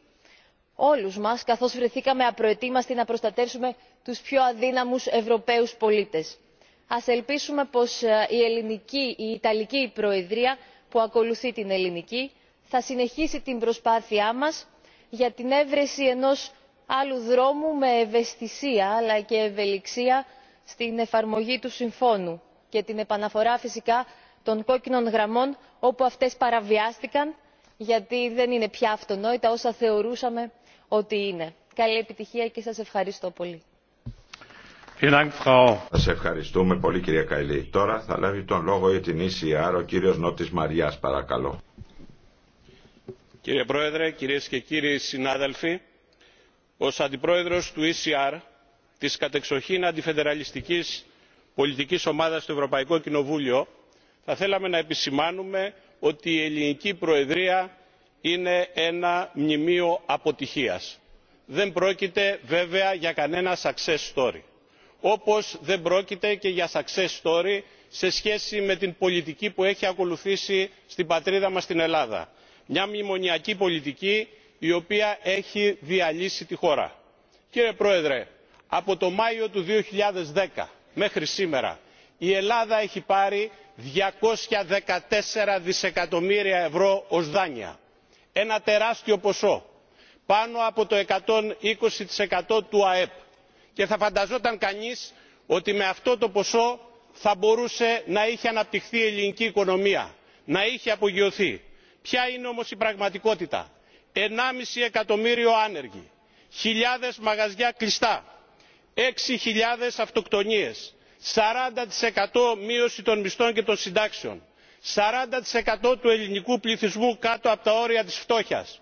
όλους μας καθώς βρεθήκαμε απροετοίμαστοι να προστατεύσουμε τους πιο αδύναμους ευρωπαίους πολίτες. ας ελπίσουμε πως ε, η ελληνική η ιταλική προεδρία που ακολουθεί την ελληνική θα συνεχίσει την προσπάθειά μας για την έβρεση ενός άλλου δρόμου με ευαισθησία αλλά και ευελιξία στην εφαρμογή του συμφώνου και την επαναφορά φυσικά των κόκκινων γραμμών όπου αυτές παραβιάστηκαν γιατί δεν είναι πια αυτονόητα όσα θεωρούσαμε ότι είναι. Καλή επιτυχία και σας ευχαριστώ πολύ. Σας ευχαριστούμε πολύ κυρία Καηλή. Τώρα θα λάβει τον λόγο για την ECR ο κύριος Νότης Μαριάς παρακαλώ. Κύριε Πρόεδρε, κυρίες και κύριοι συνάδελφοι, ως αντιπρόεδρος του ECR της κατεξοχήν αντιφεδεραλιστικής πολιτικής ομάδας στο ευρωπαϊκό κοινοβούλιο θα θέλαμε να επισημάνουμε ότι η ελληνική προεδρία είναι ένα μνημείο αποτυχίας. δεν πρόκειται βέβαια για κανένα success story όπως δεν πρόκειται και για success story σε σχέση με την πολιτική που έχει ακολουθήσει στην πατρίδα μας την ελλάδα μια μνημονιακή πολιτική η οποία έχει διαλύσει τη χώρα. κύριε πρόεδρε από το μάιο του 2010 μέχρι σήμερα η ελλάδα έχει πάρει 214 δισεκατομμύρια ευρώ ως δάνεια ένα τεράστιο ποσό πάνω από το 120% του αεπ και θα φανταζόταν κανείς ότι με αυτό το ποσό θα μπορούσε να είχε αναπτυχθεί η ελληνική οικονομία να είχε απογειωθεί. ποια είναι όμως η πραγματικότητα; 1,5 εκατομμύριο άνεργοι χιλιάδες μαγαζιά κλειστά 6.000 χιλιάδες αυτοκτονίες σαράντα μείωση των μισθών και των συντάξεων 40% του ελληνικού πληθυσμού κάτω από τα όρια της φτώχειας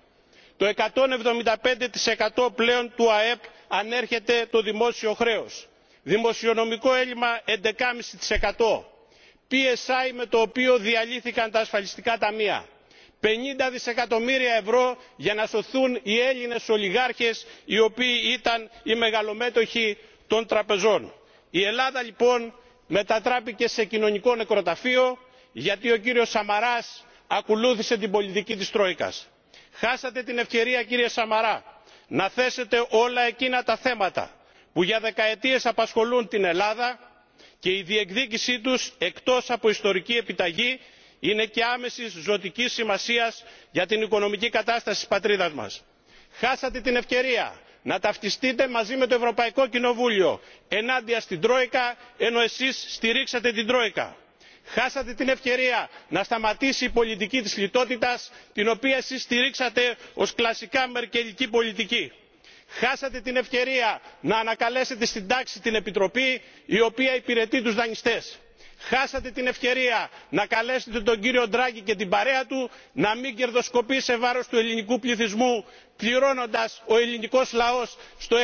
το 175% πλέον του αεπ ανέρχεται το δημόσιο χρέος δημοσιονομικό έλλειμμα 11,5% psi με το οποίο διαλύθηκαν τα ασφαλιστικά ταμεία πενήντα δισεκατομμύρια ευρώ για να σωθούν οι έλληνες ολιγάρχες οι οποίοι ήταν οι μεγαλομέτοχοι των τραπεζών. η ελλάδα λοιπόν μετατράπηκε σε κοινωνικό νεκροταφείο γιατί ο κύριος σαμαράς ακολούθησε την πολιτική της τρόικας. χάσατε την ευκαιρία κύριε σαμαρά να θέσετε όλα εκείνα τα θέματα που για δεκαετίες απασχολούν την ελλάδα και η διεκδίκησή τους εκτός από ιστορική επιταγή είναι και άμεσης ζωτικής σημασίας για την οικονομική κατάσταση της πατρίδας μας. χάσατε την ευκαιρία να ταυτιστείτε μαζί με το ευρωπαϊκό κοινοβούλιο ενάντια στην τρόικα ενώ εσείς στηρίξατε την τρόικα. χάσατε την ευκαιρία να σταματήσει η πολιτική της λιτότητας την οποία εσείς στηρίξατε ως κλασικά μερκελική πολιτική. χάσατε την ευκαιρία να ανακαλέσετε στην τάξη την επιτροπή η οποία υπηρετεί τους δανειστές χάσατε την ευκαιρία να καλέσετε τον κύριο ντράγκη και την παρέα του να μην κερδοσκοπεί σε βάρος του ελληνικού πληθυσμού πληρώνοντας ο ελληνικός λαός στο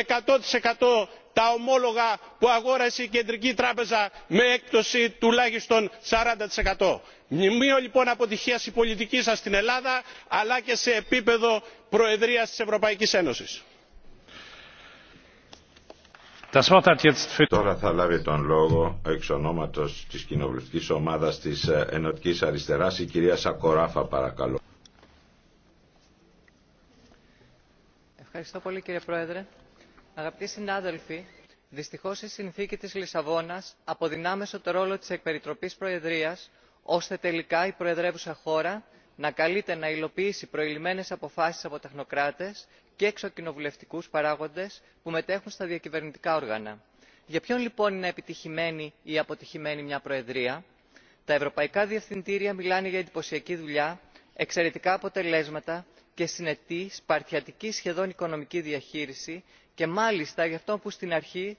100% τα ομόλογα που αγόρασε η κεντρική τράπεζα με έκπτωση τουλάχιστον. 40%. μνημείο λοιπόν αποτυχίας η πολιτική σας στην ελλάδα αλλά και σε επίπεδο προεδρίας της ευρωπαϊκής ένωσης. Τώρα θα λάβει τον λόγο εξ ονόματος της κοινοβουλευτικής ομάδας της ε, Ενωτικής Αριστεράς η κυρία Σακοράφα παρακαλώ. Ευχαριστώ πολύ κύριε Πρόεδρε. Αγαπητοί συνάδελφοι, δυστυχώς η συνθήκη της Λισαβόνας αποδυνάμεσο το ρόλο της εκπεριτροπής Προεδρίας ώστε τελικά η προεδρεύουσα χώρα να καλείται να υλοποιήσει προηλημμένες αποφάσεις από τεχνοκράτες και εξωκοινοβουλευτικούς παράγοντες που μετέχουν στα διακυβερνητικά όργανα. Για ποιον λοιπόν είναι επιτυχημένη ή αποτυχημένη μια προεδρία? Τα ευρωπαϊκά διευθυντήρια μιλάνε για εντυπωσιακή δουλειά, εξαιρετικά αποτελέσματα και συνετή, σπαρτιατική σχεδόν οικονομική διαχείριση και μάλιστα για αυτό που στην αρχή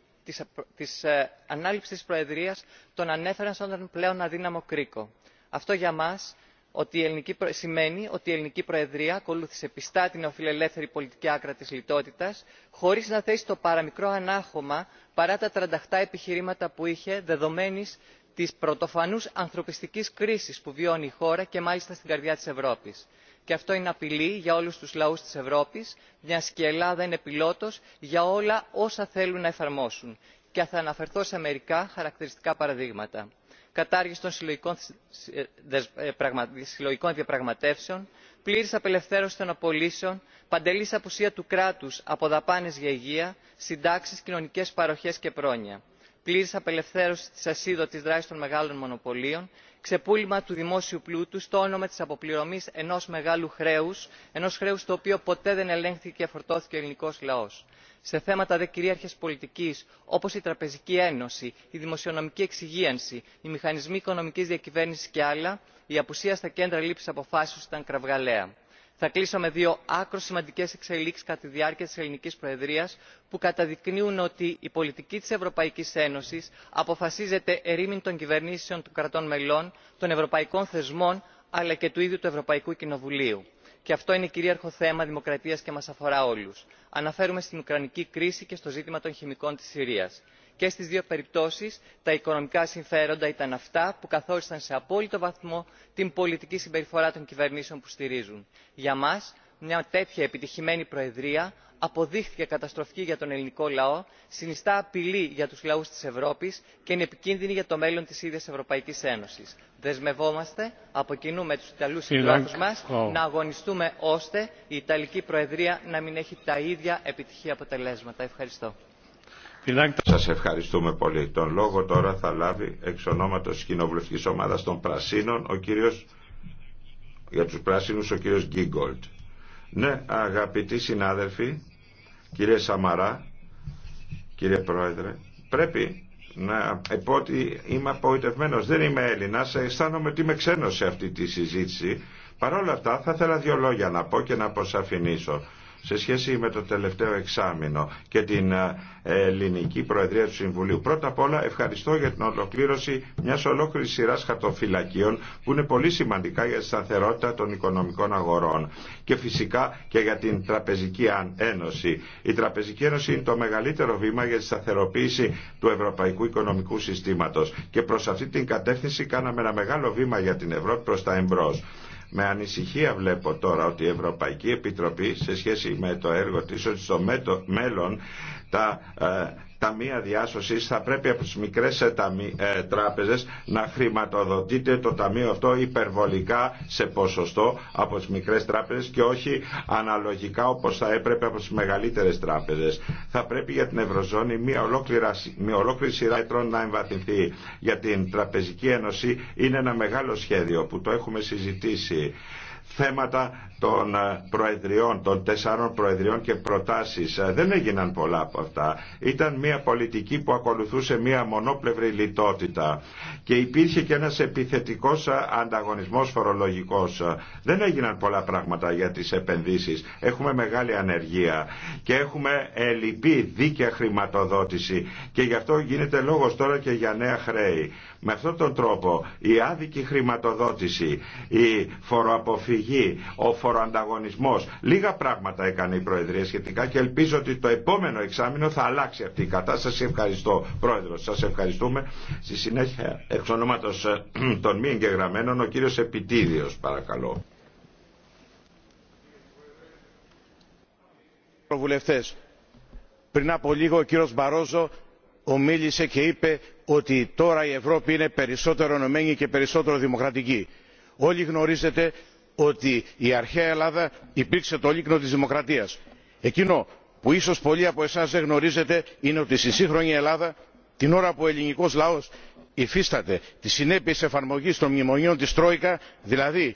τη ε, ανάληψη τη Προεδρία τον ανέφεραν σαν τον πλέον αδύναμο κρίκο. Αυτό για μας σημαίνει ότι η ελληνική προεδρία ακολούθησε πιστά την νεοφιλελεύθερη πολιτική άκρα της λιτότητας χωρίς να θέσει το παραμικρό ανάγχωμα παρά τα τρανταχτά επιχειρήματα που είχε δεδομένης της πρωτοφανούς ανθρωπιστικής κρίσης που βιώνει η χώρα και μάλιστα στην καρδιά της ευρώπης. και αυτό είναι απειλή για όλους τους λαούς της ευρώπης μιας και η ελλάδα είναι πιλότος για όλα όσα θέλουν να εφαρμόσουν και θα αναφερθώ σε μερικά χαρακτηριστικά παραδείγματα κατάργηση των συλλογικών ε, ε, διαπραγματεύσεων πλήρη απελευθέρωση των απολύσεων παντελή απουσία του κράτους από δαπάνε για υγεία συντάξεις κοινωνικές παροχές και πρόνοια πλήρη απελευθέρωση της ασίδωτης δράση των μεγάλων μονοπωλίων ξεπούλημα του δημόσιου πλούτου στο όνομα της αποπληρωμής ενός μεγάλου χρέους ενός χρέους το οποίο ποτέ δεν ελέγχθηκε και φορτώθηκε ο ελληνικός λαός. σε θέματα δε κυρίαρχης πολιτικής όπως η τραπεζική ένωση η δημοσιονομική εξυγίανση οι μηχανισμοί οικονομικής διακυβέρνηση και άλλα η απουσία στα κέντρα λήψης αποφάσεων ήταν κραυγαλαία θα κλείσω με δύο άκρως σημαντικές εξελίξεις κατά τη διάρκεια της ελληνικής προεδρίας που καταδεικνύουν ότι η πολιτική της ευρωπαϊκής ένωσης αποφασίζεται ερήμην των κυβερνήσεων των κρατών μελών των ευρωπαϊκών θεσμών αλλά και του ίδιου του ευρωπαϊκού κοινοβουλίου και αυτό είναι κυρίαρχο θέμα δημοκρατίας και μας αφορά όλους. αναφέρομαι στην ουκρανική κρίση και στο ζήτημα των χημικών της συρίας και στι δύο περιπτώσει, τα οικονομικά συμφέροντα ήταν αυτά που καθόρισαν σε απόλυτο βαθμό την πολιτική συμπεριφορά των κυβερνήσεων που στηρίζουν. για μα, μια τέτοια επιτυχημένη προεδρία αποδείχθηκε καταστροφική για τον ελληνικό λαό συνιστά απειλή για του λαού τη Ευρώπη και είναι επικίνδυνη για το μέλλον της ίδια Ευρωπαϊκή Ένωση. δεσμευόμαστε από κοινού με τους ιταλούς μας να αγωνιστούμε ώστε η ιταλική προεδρία να μην έχει τα ίδια επιτυχή αποτελέσματα. ευχαριστώ. Σας ευχαριστούμε πολύ. Τον λόγο τώρα θα λάβει εξ ονόματος της Ομάδας των Πρασίνων ο κύριος, για τους Πράσινους ο κύριος Γκίγκολτ. Ναι, αγαπητοί συνάδελφοι, κύριε Σαμαρά, κύριε Πρόεδρε, πρέπει να πω ότι είμαι απογοητευμένος. Δεν είμαι Έλληνας, αισθάνομαι ότι είμαι ξένος σε αυτή τη συζήτηση. Παρ' όλα αυτά θα ήθελα δύο λόγια να πω και να αποσαφηνίσω σε σχέση με το τελευταίο εξάμεινο και την ε, ελληνική Προεδρία του Συμβουλίου. Πρώτα απ' όλα ευχαριστώ για την ολοκλήρωση μια ολόκληρη σειρά χαρτοφυλακίων που είναι πολύ σημαντικά για τη σταθερότητα των οικονομικών αγορών και φυσικά και για την Τραπεζική Ένωση. Η Τραπεζική Ένωση είναι το μεγαλύτερο βήμα για τη σταθεροποίηση του ευρωπαϊκού οικονομικού Συστήματο. και προ αυτή την κατεύθυνση κάναμε ένα μεγάλο βήμα για την Ευρώπη προ τα εμπρό. Με ανησυχία βλέπω τώρα ότι η Ευρωπαϊκή Επιτροπή σε σχέση με το έργο της ότι στο μέλλον τα ε, ταμεία διάσωσης θα πρέπει από τις μικρές ε, ε, τράπεζες να χρηματοδοτείται το ταμείο αυτό υπερβολικά σε ποσοστό από τις μικρές τράπεζες και όχι αναλογικά όπως θα έπρεπε από τις μεγαλύτερες τράπεζες. Θα πρέπει για την Ευρωζώνη μια, μια ολόκληρη σειρά έτρων να εμβαθυνθεί. Για την Τραπεζική Ένωση είναι ένα μεγάλο σχέδιο που το έχουμε συζητήσει θέματα των ε, προεδριών, των τεσσάρων προεδριών και προτάσεις. Ε, δεν έγιναν πολλά από αυτά. Ήταν μια πολιτική που ακολουθούσε μια μονόπλευρη λιτότητα και υπήρχε και ένας επιθετικός ε, ανταγωνισμός φορολογικός. Δεν έγιναν πολλά πράγματα για τις επενδύσεις. Έχουμε μεγάλη ανεργία και έχουμε ελλειπή δίκαια χρηματοδότηση και γι' αυτό γίνεται λόγος τώρα και για νέα χρέη. Με αυτόν τον τρόπο η άδικη χρηματοδότηση, η φοροαποφυγή, ο φοροανταγωνισμός, λίγα πράγματα έκανε η Προεδρία σχετικά και ελπίζω ότι το επόμενο εξάμεινο θα αλλάξει αυτή η κατάσταση. Ευχαριστώ Πρόεδρο, σας ευχαριστούμε. Στη συνέχεια εξ ονόματος ε, των μη εγγεγραμμένων ο κύριος Επιτίδιος παρακαλώ. Πριν από λίγο ο κύριος Μπαρόζο ομίλησε και είπε ότι τώρα η ευρώπη είναι περισσότερο ενωμένη και περισσότερο δημοκρατική. όλοι γνωρίζετε ότι η αρχαία ελλάδα υπήρξε το λίκνο της δημοκρατίας. εκείνο που ίσως πολλοί από εσάς δεν γνωρίζετε είναι ότι στη σύγχρονη ελλάδα την ώρα που ο ελληνικός λαός υφίσταται τις συνέπειες εφαρμογής των μνημονίων της τρόικα δηλαδή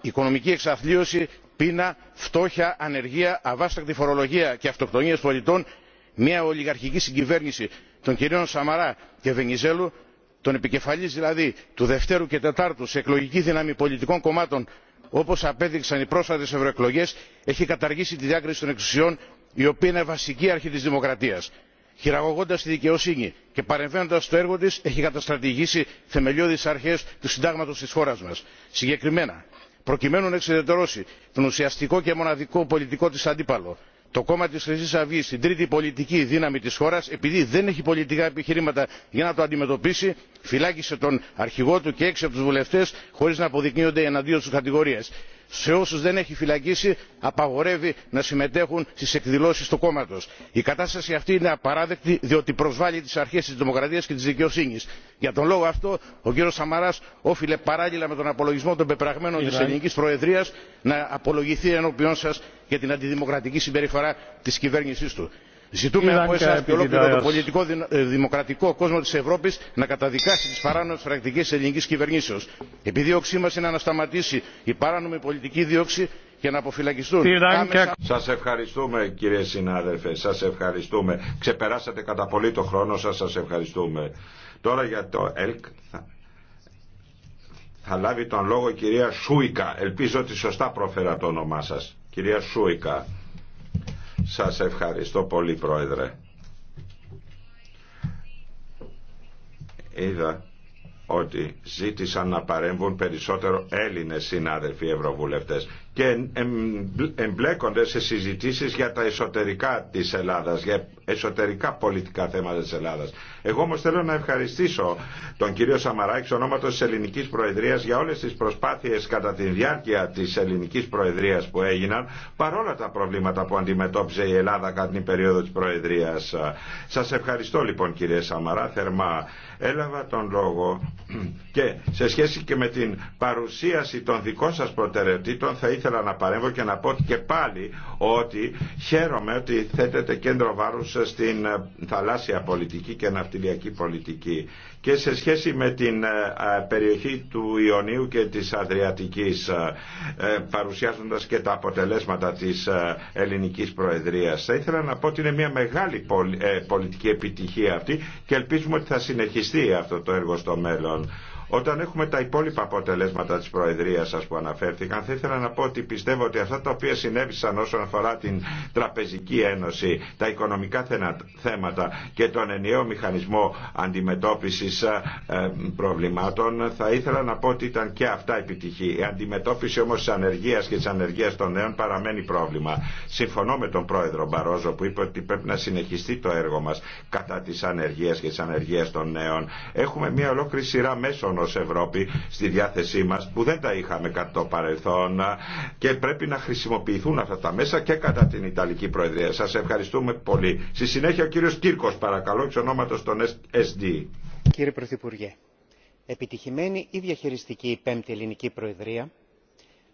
οικονομική εξαθλίωση πείνα φτώχεια ανεργία αβάστακτη φορολογία και αυτοκτονίες πολιτών μια ολιγαρχική συγκυβέρνηση των κυρίων σαμαρά και βενιζέλου των επικεφαλής δηλαδή του δευτέρου και τετάρτου σε εκλογική δύναμη πολιτικών κομμάτων όπως απέδειξαν οι πρόσφατες ευρωεκλογές έχει καταργήσει τη διάκριση των εξουσιών η οποία είναι βασική αρχή της δημοκρατίας. χειραγωγώντας τη δικαιοσύνη και παρεμβαίνοντας στο έργο της έχει καταστρατηγήσει θεμελιώδεις αρχές του συντάγματος της χώρας μας. συγκεκριμένα προκειμένου να εξουδετερώσει τον ουσιαστικό και μοναδικό πολιτικό της αντίπαλο το κόμμα της χρυσής αυγής την τρίτη πολιτική δύναμη της χώρας επειδή δεν έχει πολιτικά επιχειρήματα για να το αντιμετωπίσει φυλάκισε τον αρχηγό του και έξι από τους βουλευτές χωρίς να αποδεικνύονται εναντίον τους κατηγορίες σε όσους δεν έχει φυλακίσει απαγορεύει να συμμετέχουν στις εκδηλώσεις του κόμματος. η κατάσταση αυτή είναι απαράδεκτη διότι προσβάλλει τις αρχές της δημοκρατίας και της δικαιοσύνης. για τον λόγο αυτό ο κύριος σαμαράς όφιλε παράλληλα με τον απολογισμό των πεπραγμένων της ελληνικής προεδρίας να απολογηθεί ενώπιόν σας για την αντιδημοκρατική συμπεριφορά της κυβέρνησής του. Ζητούμε από εσά και ολόκληρο το πολιτικό ε, δημοκρατικό κόσμο τη Ευρώπη να καταδικάσει τι παράνομε πρακτικέ τη ελληνική κυβερνήσεω. Επιδίωξή μα είναι να σταματήσει η παράνομη πολιτική δίωξη και να αποφυλακιστούν. Σα ευχαριστούμε κύριε συνάδελφε, σα ευχαριστούμε. Ξεπεράσατε κατά πολύ το χρόνο σα, σα ευχαριστούμε. Τώρα για το ΕΛΚ θα... λάβει τον λόγο η κυρία Σούικα. Ελπίζω ότι σωστά πρόφερα το όνομά σα. Κυρία Σούικα. Σας ευχαριστώ πολύ Πρόεδρε. Είδα ότι ζήτησαν να παρέμβουν περισσότερο Έλληνες συνάδελφοι Ευρωβουλευτές και εμπλέκονται σε συζητήσεις για τα εσωτερικά της Ελλάδας, για εσωτερικά πολιτικά θέματα της Ελλάδας. Εγώ όμως θέλω να ευχαριστήσω τον κύριο Σαμαράκη ονόματος της Ελληνικής Προεδρίας για όλες τις προσπάθειες κατά τη διάρκεια της Ελληνικής Προεδρίας που έγιναν παρόλα τα προβλήματα που αντιμετώπιζε η Ελλάδα κατά την περίοδο της Προεδρίας. Σας ευχαριστώ λοιπόν κύριε Σαμαρά θερμά. Έλαβα τον λόγο και σε σχέση και με την παρουσίαση των δικών σας προτεραιοτήτων θα ήθελα να παρέμβω και να πω και πάλι ότι χαίρομαι ότι θέτεται κέντρο βάρους στην ε, θαλάσσια πολιτική και ναυτιλιακή πολιτική και σε σχέση με την ε, περιοχή του Ιωνίου και της Αδριατικής ε, παρουσιάζοντας και τα αποτελέσματα της ελληνικής προεδρίας. Θα ήθελα να πω ότι είναι μια μεγάλη πολιτική επιτυχία αυτή και ελπίζουμε ότι θα συνεχιστεί αυτό το έργο στο μέλλον. Όταν έχουμε τα υπόλοιπα αποτελέσματα της Προεδρίας σας που αναφέρθηκαν, θα ήθελα να πω ότι πιστεύω ότι αυτά τα οποία συνέβησαν όσον αφορά την Τραπεζική Ένωση, τα οικονομικά θέματα και τον ενιαίο μηχανισμό αντιμετώπισης ε, προβλημάτων, θα ήθελα να πω ότι ήταν και αυτά επιτυχή. Η αντιμετώπιση όμως της ανεργίας και της ανεργίας των νέων παραμένει πρόβλημα. Συμφωνώ με τον πρόεδρο Μπαρόζο που είπε ότι πρέπει να συνεχιστεί το έργο μας κατά της ανεργίας και τη ανεργία των νέων. Έχουμε μια ολόκληρη σειρά μέσων ως Ευρώπη στη διάθεσή μας που δεν τα είχαμε κατά το παρελθόν και πρέπει να χρησιμοποιηθούν αυτά τα μέσα και κατά την Ιταλική Προεδρία. Σας ευχαριστούμε πολύ. Στη συνέχεια ο κύριος Κύρκος παρακαλώ εξ ονόματος των SD. Κύριε Πρωθυπουργέ, επιτυχημένη ή διαχειριστική η πέμπτη ελληνική Προεδρία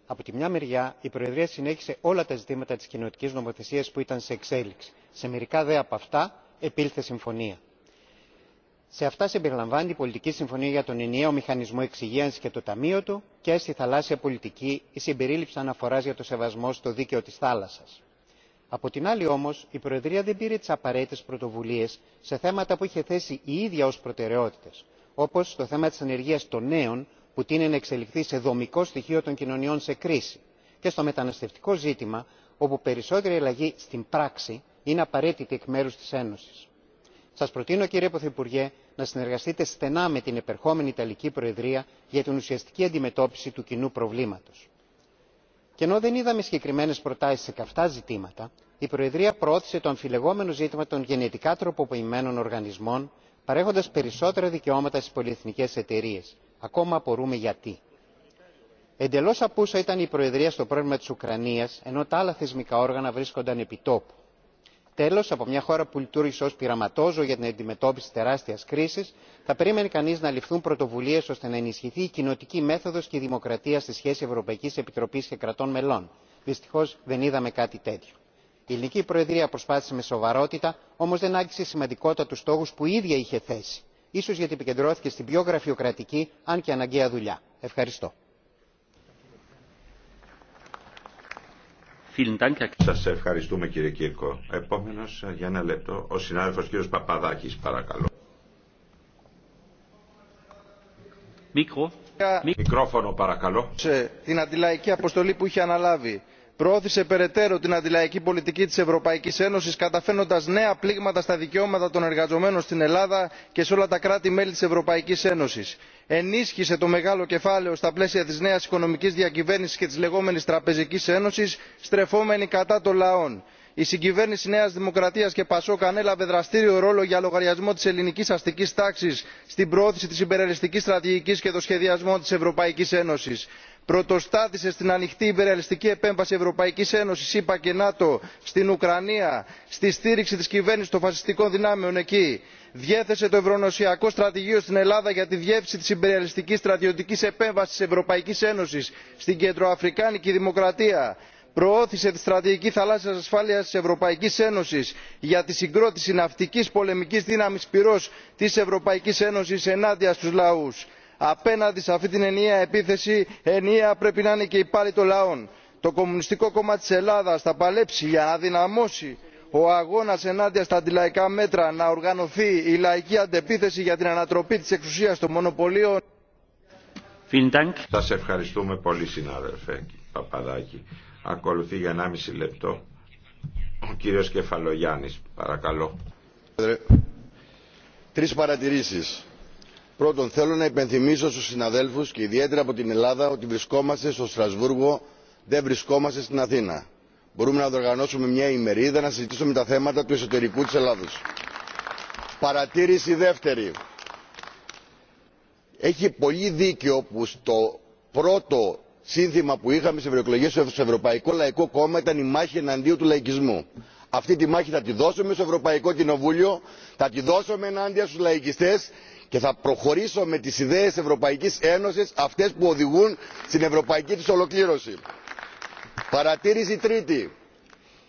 από τη μια μεριά, η Προεδρία συνέχισε όλα τα ζητήματα τη κοινοτική νομοθεσία που ήταν σε εξέλιξη. Σε μερικά δε από αυτά επήλθε συμφωνία σε αυτά συμπεριλαμβάνεται η πολιτική συμφωνία για τον ενιαίο μηχανισμό εξυγίανση και το ταμείο του και στη θαλάσσια πολιτική η συμπερίληψη αναφορά για το σεβασμό στο δίκαιο τη θάλασσα. από την άλλη όμω, η προεδρία δεν πήρε τι απαραίτητε πρωτοβουλίε σε θέματα που είχε θέσει η ίδια ως προτεραιότητε όπως το θέμα τη ανεργίας των νέων που τείνει να εξελιχθεί σε δομικό στοιχείο των κοινωνιών σε κρίση και στο μεταναστευτικό ζήτημα όπου περισσότερη αλλαγή στην πράξη είναι απαραίτητη εκ μέρου τη Ένωση σα προτείνω κύριε πρωθυπουργέ να συνεργαστείτε στενά με την επερχόμενη ιταλική προεδρία για την ουσιαστική αντιμετώπιση του κοινού προβλήματο. και ενώ δεν είδαμε συγκεκριμένε προτάσει σε καυτά ζητήματα η προεδρία προώθησε το αμφιλεγόμενο ζήτημα των γενετικά τροποποιημένων οργανισμών παρέχοντα περισσότερα δικαιώματα στι πολυεθνικέ εταιρείε. ακόμα απορούμε γιατί. εντελώ απούσα ήταν η προεδρία στο πρόβλημα τη Ουκρανία, ενώ τα άλλα θεσμικά όργανα βρίσκονταν επί τέλο από μια χώρα που λειτουργήσε ω πειραματόζωο για την αντιμετώπιση τεράστια κρίση θα περίμενε κανεί να ληφθούν πρωτοβουλίε ώστε να ενισχυθεί η κοινοτική μέθοδο και η δημοκρατία στη σχέση ευρωπαϊκή επιτροπή και κρατών μελών. δυστυχώ δεν είδαμε κάτι τέτοιο. η ελληνική προεδρία προσπάθησε με σοβαρότητα όμω δεν άγγιξε του στόχου που ίδια είχε θέσει ίσω γιατί επικεντρώθηκε στην πιο γραφειοκρατική αν και αναγκαία δουλειά. ευχαριστώ. Σας ευχαριστούμε κύριε Κύρκο. Επόμενος ε, για ένα λεπτό ο συνάδελφος κύριος Παπαδάκης παρακαλώ. Μικρό. Μικρόφωνο παρακαλώ. Την αντιλαϊκή αποστολή που είχε αναλάβει προώθησε περαιτέρω την αντιλαϊκή πολιτική της ευρωπαϊκής ένωσης καταφέρνοντας νέα πλήγματα στα δικαιώματα των εργαζομένων στην ελλάδα και σε όλα τα κράτη μέλη της ευρωπαϊκής ένωσης ενίσχυσε το μεγάλο κεφάλαιο στα πλαίσια της νέας οικονομικής διακυβέρνησης και της λεγόμενης τραπεζικής ένωσης στρεφόμενη κατά των λαών. η συγκυβέρνηση νέας δημοκρατίας και πασόκ ανέλαβε δραστήριο ρόλο για λογαριασμό της ελληνικής αστικής τάξης στην προώθηση της υπερρεαλιστικής στρατηγικής και το σχεδιασμό της ευρωπαϊκής ένωσης πρωτοστάτησε στην ανοιχτή υπερρεαλιστική επέμβαση ευρωπαϊκής ένωσης ηπα και νατο στην ουκρανία στη στήριξη της κυβέρνησης των φασιστικών δυνάμεων εκεί διέθεσε το ευρωνοσιακό στρατηγείο στην ελλάδα για τη διεύθυνση της υπεριαλιστικής στρατιωτικής επέμβασης της ευρωπαϊκής ένωσης στην κεντροαφρικανική δημοκρατία προώθησε τη στρατηγική θαλάσσιας ασφάλειας της ευρωπαϊκής ένωσης για τη συγκρότηση ναυτικής πολεμικής δύναμης πυρός της ευρωπαϊκής ένωσης ενάντια στους λαούς απέναντι σε αυτή την ενιαία επίθεση ενιαία πρέπει να είναι και η πάλη των λαών. το κομμουνιστικό κόμμα της ελλάδας θα παλέψει για να δυναμώσει ο αγώνας ενάντια στα αντιλαϊκά μέτρα να οργανωθεί η λαϊκή αντεπίθεση για την ανατροπή της εξουσίας των μονοπωλίων. Σας ευχαριστούμε πολύ συνάδελφε Παπαδάκη. Ακολουθεί για 1,5 λεπτό ο κύριος Κεφαλογιάννης. Παρακαλώ. Τρεις παρατηρήσεις πρώτον θέλω να υπενθυμίσω στους συναδέλφους και ιδιαίτερα από την ελλάδα ότι βρισκόμαστε στο στρασβούργο δεν βρισκόμαστε στην αθήνα. μπορούμε να διοργανώσουμε μια ημερίδα να συζητήσουμε τα θέματα του εσωτερικού της ελλάδος. παρατήρηση δεύτερη έχει πολύ δίκιο που στο πρώτο σύνθημα που είχαμε σε ευρωεκλογές στο ευρωπαϊκό λαϊκό κόμμα ήταν η μάχη εναντίον του λαϊκισμού. αυτή τη μάχη θα τη δώσουμε στο ευρωπαϊκό κοινοβούλιο θα τη δώσουμε ενάντια στους λαϊκιστές και θα προχωρήσω με τις ιδέες της ευρωπαϊκής ένωσης αυτές που οδηγούν στην ευρωπαϊκή της ολοκλήρωση. παρατήρηση τρίτη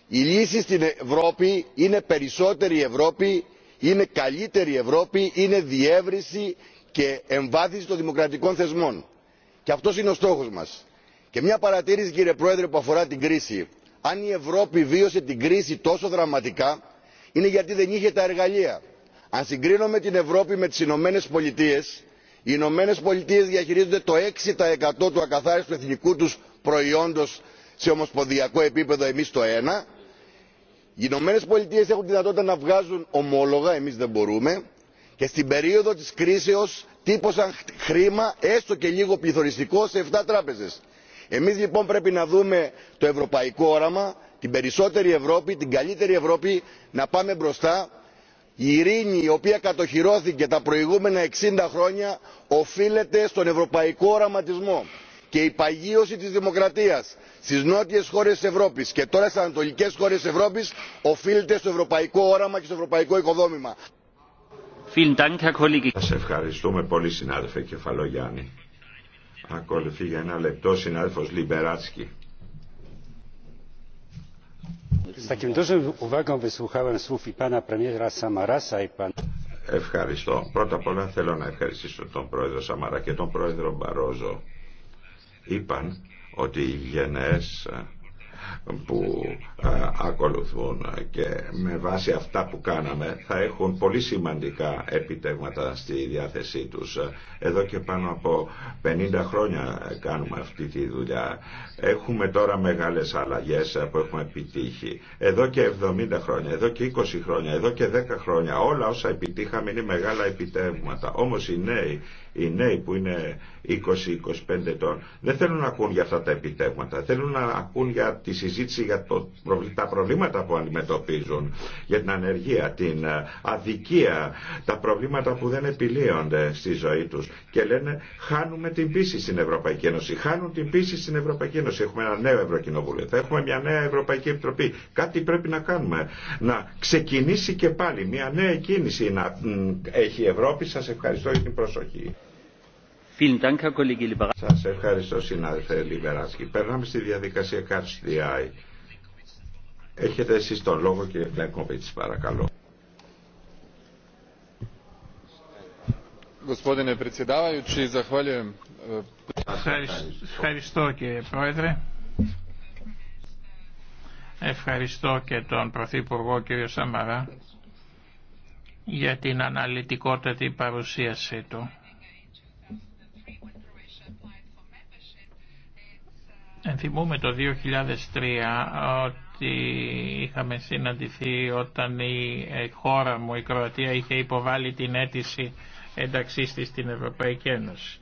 η λύση στην ευρώπη είναι περισσότερη ευρώπη είναι καλύτερη ευρώπη είναι διεύρυνση και εμβάθυνση των δημοκρατικών θεσμών και αυτός είναι ο στόχος μας. και μια παρατήρηση κύριε πρόεδρε που αφορά την κρίση αν η ευρώπη βίωσε την κρίση τόσο δραματικά είναι γιατί δεν είχε τα εργαλεία αν συγκρίνουμε την ευρώπη με τις ηνωμένες πολιτείες οι ηνωμένες πολιτείες διαχειρίζονται το 6% του ακαθάριστου εθνικού τους προϊόντος σε ομοσπονδιακό επίπεδο εμείς το ένα οι ηνωμένες πολιτείες έχουν τη δυνατότητα να βγάζουν ομόλογα εμείς δεν μπορούμε και στην περίοδο της κρίσεως τύπωσαν χρήμα έστω και λίγο πληθωριστικό σε 7 τράπεζες. εμείς λοιπόν πρέπει να δούμε το ευρωπαϊκό όραμα την περισσότερη ευρώπη την καλύτερη ευρώπη να πάμε μπροστά η ειρήνη η οποία κατοχυρώθηκε τα προηγούμενα 60 χρόνια οφείλεται στον ευρωπαϊκό οραματισμό και η παγίωση της δημοκρατίας στις νότιες χώρες της ευρώπης και τώρα στις ανατολικές χώρες της ευρώπης οφείλεται στο ευρωπαϊκό όραμα και στο ευρωπαϊκό οικοδόμημα. Σας ευχαριστούμε πολύ συνάδελφε Κεφαλογιάννη. Ακολουθεί για ένα λεπτό συνάδελφος Λιμπεράτσκι. Ευχαριστώ. Πρώτα απ' όλα θέλω να ευχαριστήσω τον πρόεδρο Σαμαρά και τον πρόεδρο Μπαρόζο. Είπαν ότι οι γενναίες που ε, ακολουθούν και με βάση αυτά που κάναμε θα έχουν πολύ σημαντικά επιτεύγματα στη διάθεσή τους. Εδώ και πάνω από 50 χρόνια κάνουμε αυτή τη δουλειά. Έχουμε τώρα μεγάλες αλλαγές που έχουμε επιτύχει. Εδώ και 70 χρόνια, εδώ και 20 χρόνια, εδώ και 10 χρόνια όλα όσα επιτύχαμε είναι μεγάλα επιτεύγματα. Όμως οι νέοι οι νέοι που είναι 20-25 ετών δεν θέλουν να ακούν για αυτά τα επιτεύγματα. Θέλουν να ακούν για τη συζήτηση για το, τα προβλήματα που αντιμετωπίζουν, για την ανεργία, την ε, αδικία, τα προβλήματα που δεν επιλύονται στη ζωή τους. Και λένε χάνουμε την πίστη στην Ευρωπαϊκή Ένωση. Χάνουν την πίστη στην Ευρωπαϊκή Ένωση. Έχουμε ένα νέο Ευρωκοινοβούλιο. Θα έχουμε μια νέα Ευρωπαϊκή Επιτροπή. Κάτι πρέπει να κάνουμε. Να ξεκινήσει και πάλι μια νέα κίνηση να έχει η Ευρώπη. Σας ευχαριστώ για την προσοχή. Σας ευχαριστώ συνάδελφε Λιβεράσκη. Περνάμε στη διαδικασία Catch the Έχετε εσείς τον λόγο κύριε Πλέκοβιτς παρακαλώ. E, ευχαριστώ κύριε Πρόεδρε. Ευχαριστώ και τον Πρωθυπουργό κύριο Σαμαρά για την αναλυτικότατη παρουσίασή του. Ενθυμούμε το 2003 ότι είχαμε συναντηθεί όταν η ε, χώρα μου, η Κροατία, είχε υποβάλει την αίτηση ένταξής στην Ευρωπαϊκή Ένωση.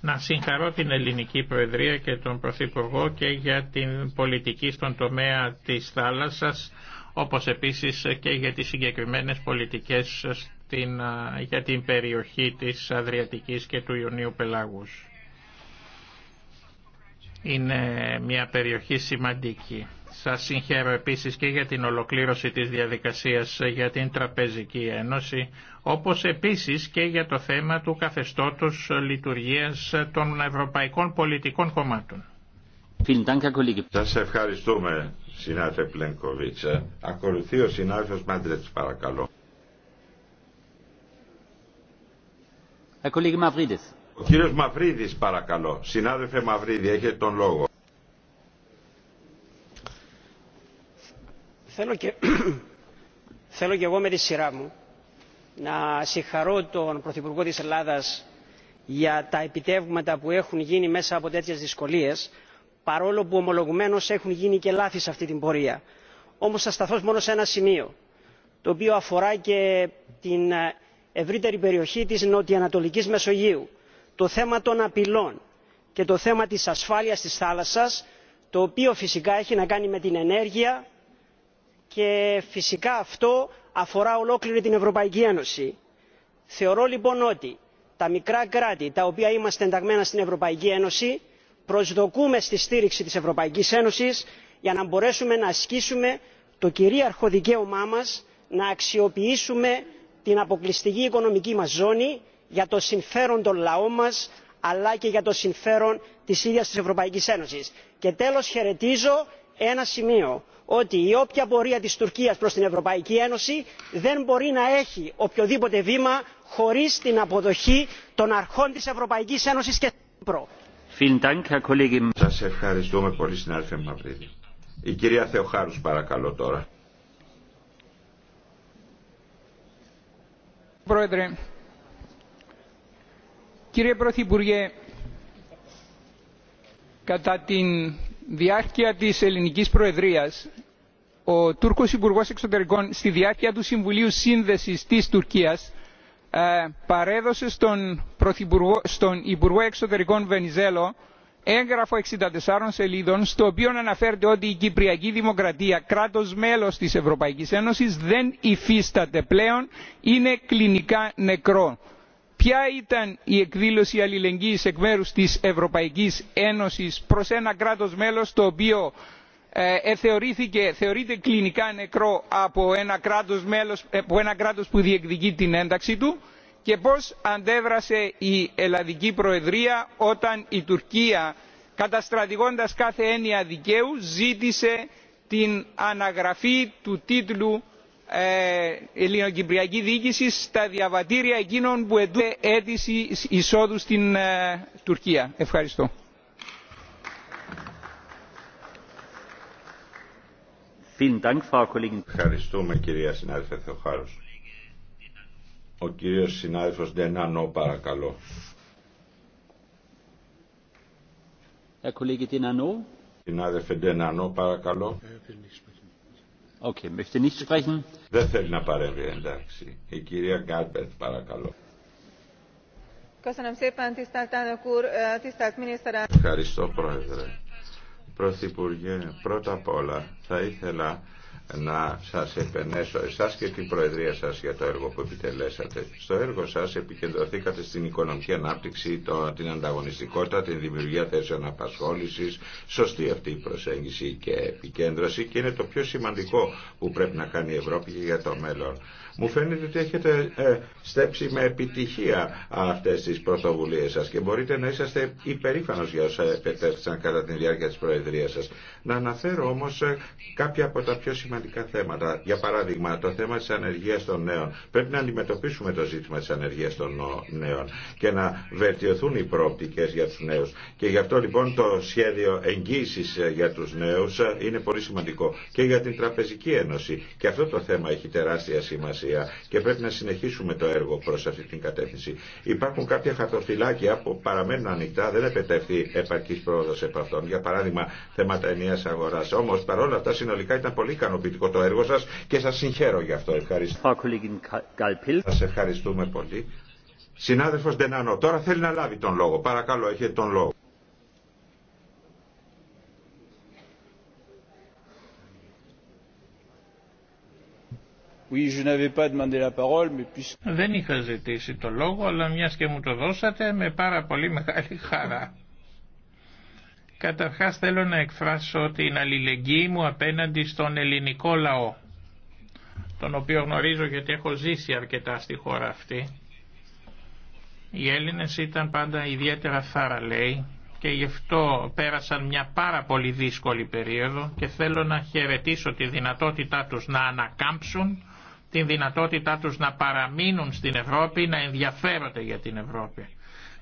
Να συγχαρώ την Ελληνική Προεδρία και τον Πρωθυπουργό και για την πολιτική στον τομέα της θάλασσας, όπως επίσης και για τις συγκεκριμένες πολιτικές στην, ε, για την περιοχή της Αδριατικής και του Ιωνίου Πελάγους. Είναι μια περιοχή σημαντική. Σας συγχαίρω επίσης και για την ολοκλήρωση της διαδικασίας για την Τραπεζική Ένωση, όπως επίσης και για το θέμα του καθεστώτος λειτουργίας των ευρωπαϊκών πολιτικών κομμάτων. Σας ευχαριστούμε, συνάδελφε Πλένκοβιτς. Ακολουθεί ο συνάδελφος Μάντρετς, παρακαλώ. Herr ο κύριος Μαυρίδης παρακαλώ. Συνάδελφε Μαυρίδη, έχετε τον λόγο. Θέλω και, θέλω και εγώ με τη σειρά μου να συγχαρώ τον Πρωθυπουργό της Ελλάδας για τα επιτεύγματα που έχουν γίνει μέσα από τέτοιες δυσκολίες παρόλο που ομολογουμένως έχουν γίνει και λάθη σε αυτή την πορεία. Όμως θα σταθώ μόνο σε ένα σημείο το οποίο αφορά και την ευρύτερη περιοχή της νοτιοανατολικής Μεσογείου το θέμα των απειλών και το θέμα της ασφάλειας της θάλασσας το οποίο φυσικά έχει να κάνει με την ενέργεια και φυσικά αυτό αφορά ολόκληρη την ευρωπαϊκή ένωση. θεωρώ λοιπόν ότι τα μικρά κράτη τα οποία είμαστε ενταγμένα στην ευρωπαϊκή ένωση προσδοκούμε στη στήριξη της ευρωπαϊκής ένωσης για να μπορέσουμε να ασκήσουμε το κυρίαρχο δικαίωμά μας να αξιοποιήσουμε την αποκλειστική οικονομική μας ζώνη για το συμφέρον των λαών μας αλλά και για το συμφέρον της ίδιας της ευρωπαϊκής ένωσης. και τέλος χαιρετίζω ένα σημείο ότι η όποια πορεία της τουρκίας προς την ευρωπαϊκή ένωση δεν μπορεί να έχει οποιοδήποτε βήμα χωρίς την αποδοχή των αρχών της ευρωπαϊκής ένωσης και της κύπρο. ευχαριστούμε πολύ συνάδελφε Μαυρίδη. Η κυρία Θεοχάρου, παρακαλώ τώρα. Κύριε Πρωθυπουργέ, κατά τη διάρκεια της ελληνικής προεδρίας, ο Τούρκος Υπουργός Εξωτερικών στη διάρκεια του Συμβουλίου Σύνδεσης της Τουρκίας ε, παρέδωσε στον, Υπουργό Εξωτερικών Βενιζέλο έγγραφο 64 σελίδων στο οποίο αναφέρεται ότι η Κυπριακή Δημοκρατία, κράτος μέλος της Ευρωπαϊκής Ένωσης, δεν υφίσταται πλέον, είναι κλινικά νεκρό ποια ήταν η εκδήλωση αλληλεγγύης εκ μέρου της ευρωπαϊκής ένωσης προς ένα κράτος μέλος το οποίο ε, ε, θεωρείται κλινικά νεκρό από ένα, κράτος μέλος, ε, που διεκδικεί την ένταξή του και πώς αντέβρασε η ελλαδική προεδρία όταν η τουρκία καταστρατηγώντας κάθε έννοια δικαίου ζήτησε την αναγραφή του τίτλου ε, ελληνοκυπριακή διοίκηση στα διαβατήρια εκείνων που ετούνται αίτηση εισόδου στην ε, Τουρκία. Ευχαριστώ. Ευχαριστούμε κυρία συνάδελφε Θεοχάρος. Ο κύριος συνάδελφος Ντενάνο παρακαλώ. Συνάδελφε Ντενάνο παρακαλώ. Okay, möchte nicht sprechen. Δεν θέλει να παρέμβει, εντάξει. Η κυρία Γκάλπερτ, παρακαλώ. Ευχαριστώ, Πρόεδρε. Πρωθυπουργέ, πρώτα απ' όλα θα ήθελα να σας επενέσω εσάς και την Προεδρία σας για το έργο που επιτελέσατε. Στο έργο σας επικεντρωθήκατε στην οικονομική ανάπτυξη, το, την ανταγωνιστικότητα, την δημιουργία θέσεων απασχόλησης, σωστή αυτή η προσέγγιση και επικέντρωση και είναι το πιο σημαντικό που πρέπει να κάνει η Ευρώπη για το μέλλον. Μου φαίνεται ότι έχετε ε, στέψει με επιτυχία αυτές τις πρωτοβουλίες σας και μπορείτε να είσαστε υπερήφανος για όσα επετέφθησαν κατά τη διάρκεια της Προεδρίας σας. Να αναφέρω όμως ε, κάποια από τα πιο σημαντικά θέματα. Για παράδειγμα, το θέμα της ανεργίας των νέων. Πρέπει να αντιμετωπίσουμε το ζήτημα της ανεργίας των νέων και να βελτιωθούν οι προοπτικές για τους νέους. Και γι' αυτό λοιπόν το σχέδιο εγγύησης ε, για τους νέους είναι πολύ σημαντικό και για την Τραπεζική Ένωση. Και αυτό το θέμα έχει τεράστια σημασία και πρέπει να συνεχίσουμε το έργο προς αυτή την κατεύθυνση. Υπάρχουν κάποια χαρτοφυλάκια που παραμένουν ανοιχτά, δεν επετεύχθη επαρκή πρόοδο επ' αυτών. Για παράδειγμα, θέματα ενία αγορά. Όμω, παρόλα αυτά, συνολικά ήταν πολύ ικανοποιητικό το έργο σα και σα συγχαίρω γι' αυτό. Ευχαριστώ. Σα ευχαριστούμε πολύ. Συνάδελφο Ντενάνο, τώρα θέλει να λάβει τον λόγο. Παρακαλώ, έχετε τον λόγο. Δεν είχα ζητήσει το λόγο, αλλά μιας και μου το δώσατε, με πάρα πολύ μεγάλη χαρά. Καταρχά θέλω να εκφράσω την αλληλεγγύη μου απέναντι στον ελληνικό λαό, τον οποίο γνωρίζω γιατί έχω ζήσει αρκετά στη χώρα αυτή. Οι Έλληνες ήταν πάντα ιδιαίτερα λέει, και γι' αυτό πέρασαν μια πάρα πολύ δύσκολη περίοδο και θέλω να χαιρετήσω τη δυνατότητά τους να ανακάμψουν την δυνατότητά τους να παραμείνουν στην Ευρώπη, να ενδιαφέρονται για την Ευρώπη.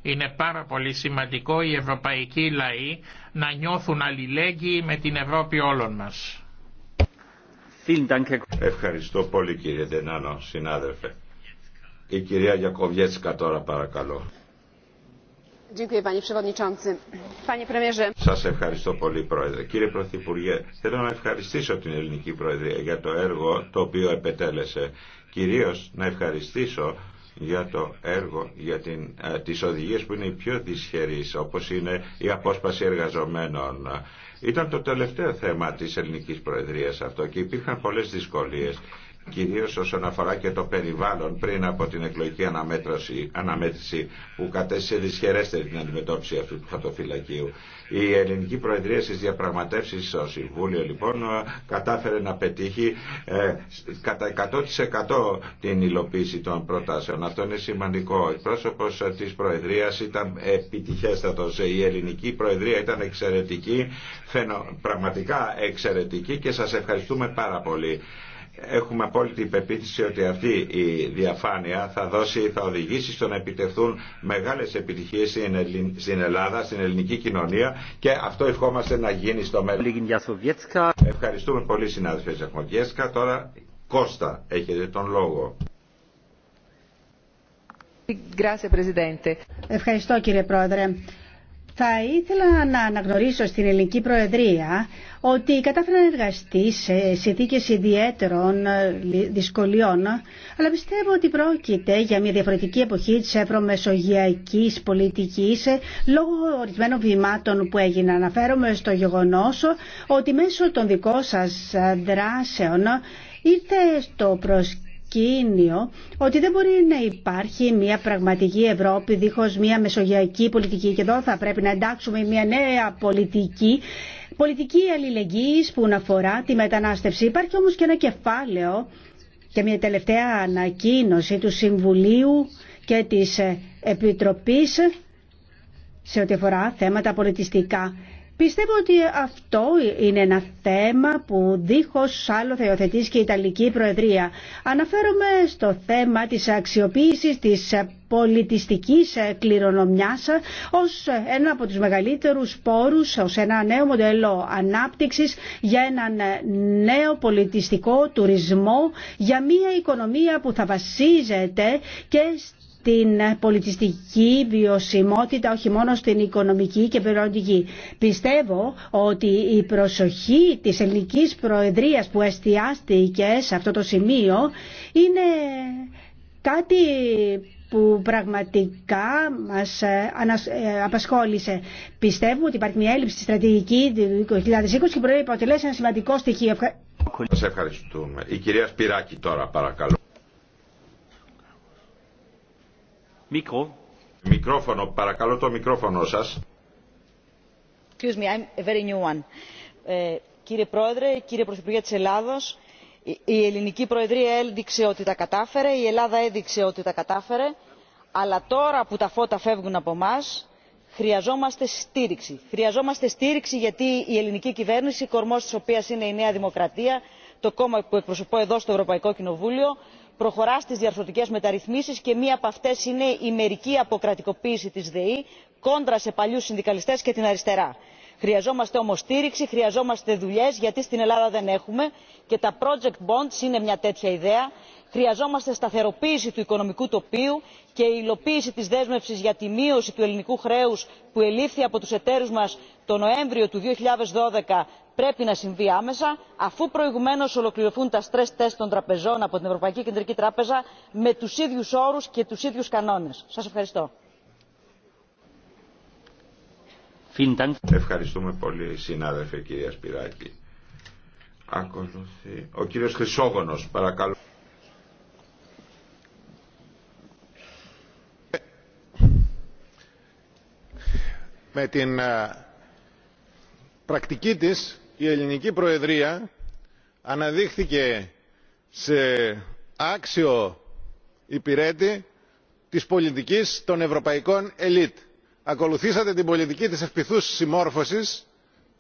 Είναι πάρα πολύ σημαντικό οι ευρωπαϊκοί λαοί να νιώθουν αλληλέγγυοι με την Ευρώπη όλων μας. Ευχαριστώ πολύ κύριε Ντενάνο, συνάδελφε. Η κυρία Γιακοβιέτσκα τώρα παρακαλώ. Σας ευχαριστώ πολύ Πρόεδρε. Κύριε Πρωθυπουργέ, θέλω να ευχαριστήσω την Ελληνική Προεδρία για το έργο το οποίο επετέλεσε. Κυρίως να ευχαριστήσω για το έργο, για την, οδηγίε, τις οδηγίες που είναι οι πιο δυσχερείς, όπως είναι η απόσπαση εργαζομένων. Ήταν το τελευταίο θέμα της ελληνικής προεδρίας αυτό και υπήρχαν πολλές δυσκολίες κυρίως όσον αφορά και το περιβάλλον πριν από την εκλογική αναμέτρηση, αναμέτρηση που κατέστησε δυσχερέστερη την αντιμετώπιση αυτού του χαρτοφυλακίου. Η ελληνική προεδρία στις διαπραγματεύσεις στο Συμβούλιο λοιπόν κατάφερε να πετύχει ε, κατά 100% την υλοποίηση των προτάσεων. Αυτό είναι σημαντικό. Ο πρόσωπος της προεδρίας ήταν επιτυχέστατος. Η ελληνική προεδρία ήταν εξαιρετική, φαινο, πραγματικά εξαιρετική και σας ευχαριστούμε πάρα πολύ έχουμε απόλυτη υπεποίθηση ότι αυτή η διαφάνεια θα δώσει, θα οδηγήσει στο να επιτευχθούν μεγάλες επιτυχίες στην Ελλάδα, στην ελληνική κοινωνία και αυτό ευχόμαστε να γίνει στο μέλλον. Ευχαριστούμε πολύ συνάδελφε Ζαχμογιέσκα. Τώρα Κώστα έχετε τον λόγο. Ευχαριστώ κύριε Πρόεδρε. Θα ήθελα να αναγνωρίσω στην ελληνική προεδρία ότι κατάφερα να εργαστεί σε συνθήκες ιδιαίτερων ε, δυσκολιών, αλλά πιστεύω ότι πρόκειται για μια διαφορετική εποχή της ευρωμεσογειακής πολιτικής ε, λόγω ορισμένων βημάτων που έγιναν. Αναφέρομαι στο γεγονός ότι μέσω των δικών σας ε, δράσεων ήρθε στο προσκήνιο προσκήνιο ότι δεν μπορεί να υπάρχει μια πραγματική Ευρώπη δίχως μια μεσογειακή πολιτική και εδώ θα πρέπει να εντάξουμε μια νέα πολιτική πολιτική αλληλεγγύης που να αφορά τη μετανάστευση. Υπάρχει όμως και ένα κεφάλαιο και μια τελευταία ανακοίνωση του Συμβουλίου και της Επιτροπής σε ό,τι αφορά θέματα πολιτιστικά. Πιστεύω ότι αυτό είναι ένα θέμα που δίχως άλλο θα υιοθετήσει και η Ιταλική Προεδρία. Αναφέρομαι στο θέμα της αξιοποίησης της πολιτιστικής κληρονομιάς ως ένα από τους μεγαλύτερους πόρους, ως ένα νέο μοντέλο ανάπτυξης για έναν νέο πολιτιστικό τουρισμό, για μια οικονομία που θα βασίζεται και την πολιτιστική βιωσιμότητα όχι μόνο στην οικονομική και περιοδική. Πιστεύω ότι η προσοχή της ελληνικής προεδρίας που εστιάστηκε σε αυτό το σημείο είναι κάτι που πραγματικά μας ε, ε, απασχόλησε. Πιστεύω ότι υπάρχει μια έλλειψη στη στρατηγική του 2020 και μπορεί να υποτελέσει ένα σημαντικό στοιχείο. Σας ευχαριστούμε. Η κυρία Σπυράκη τώρα παρακαλώ. Μικρόφωνο, παρακαλώ το μικρόφωνο σας. Excuse me, I'm a very ε, κύριε Πρόεδρε, κύριε Πρωθυπουργέ της Ελλάδος, η ελληνική προεδρία έδειξε ότι τα κατάφερε, η Ελλάδα έδειξε ότι τα κατάφερε, αλλά τώρα που τα φώτα φεύγουν από εμά, χρειαζόμαστε στήριξη. Χρειαζόμαστε στήριξη γιατί η ελληνική κυβέρνηση, κορμός της οποίας είναι η Νέα Δημοκρατία, το κόμμα που εκπροσωπώ εδώ στο Ευρωπαϊκό Κοινοβούλιο, προχωρά στις διαρθρωτικέ μεταρρυθμίσεις και μία από αυτέ είναι η μερική αποκρατικοποίηση τη ΔΕΗ κόντρα σε παλιού συνδικαλιστέ και την αριστερά. Χρειαζόμαστε όμω στήριξη, χρειαζόμαστε δουλειέ, γιατί στην Ελλάδα δεν έχουμε και τα project bonds είναι μια τέτοια ιδέα. Χρειαζόμαστε σταθεροποίηση του οικονομικού τοπίου και η υλοποίηση τη δέσμευση για τη μείωση του ελληνικού χρέου που ελήφθη από του εταίρους μα το Νοέμβριο του 2012 πρέπει να συμβεί άμεσα αφού προηγουμένω ολοκληρωθούν τα stress τεστ των τραπεζών από την ευρωπαϊκή κεντρική τράπεζα με τους ίδιους όρου και τους ίδιους κανόνες. Σας ευχαριστώ. Ευχαριστούμε πολύ συνάδελφε κυρία Σπυράκη. Ακολουθεί. Ο κύριος Χρυσόγονος, παρακαλώ. Με την ε, πρακτική της η ελληνική προεδρία αναδείχθηκε σε άξιο υπηρέτη της πολιτικής των ευρωπαϊκών ελίτ. ακολουθήσατε την πολιτική της ευπηθούς συμμόρφωσης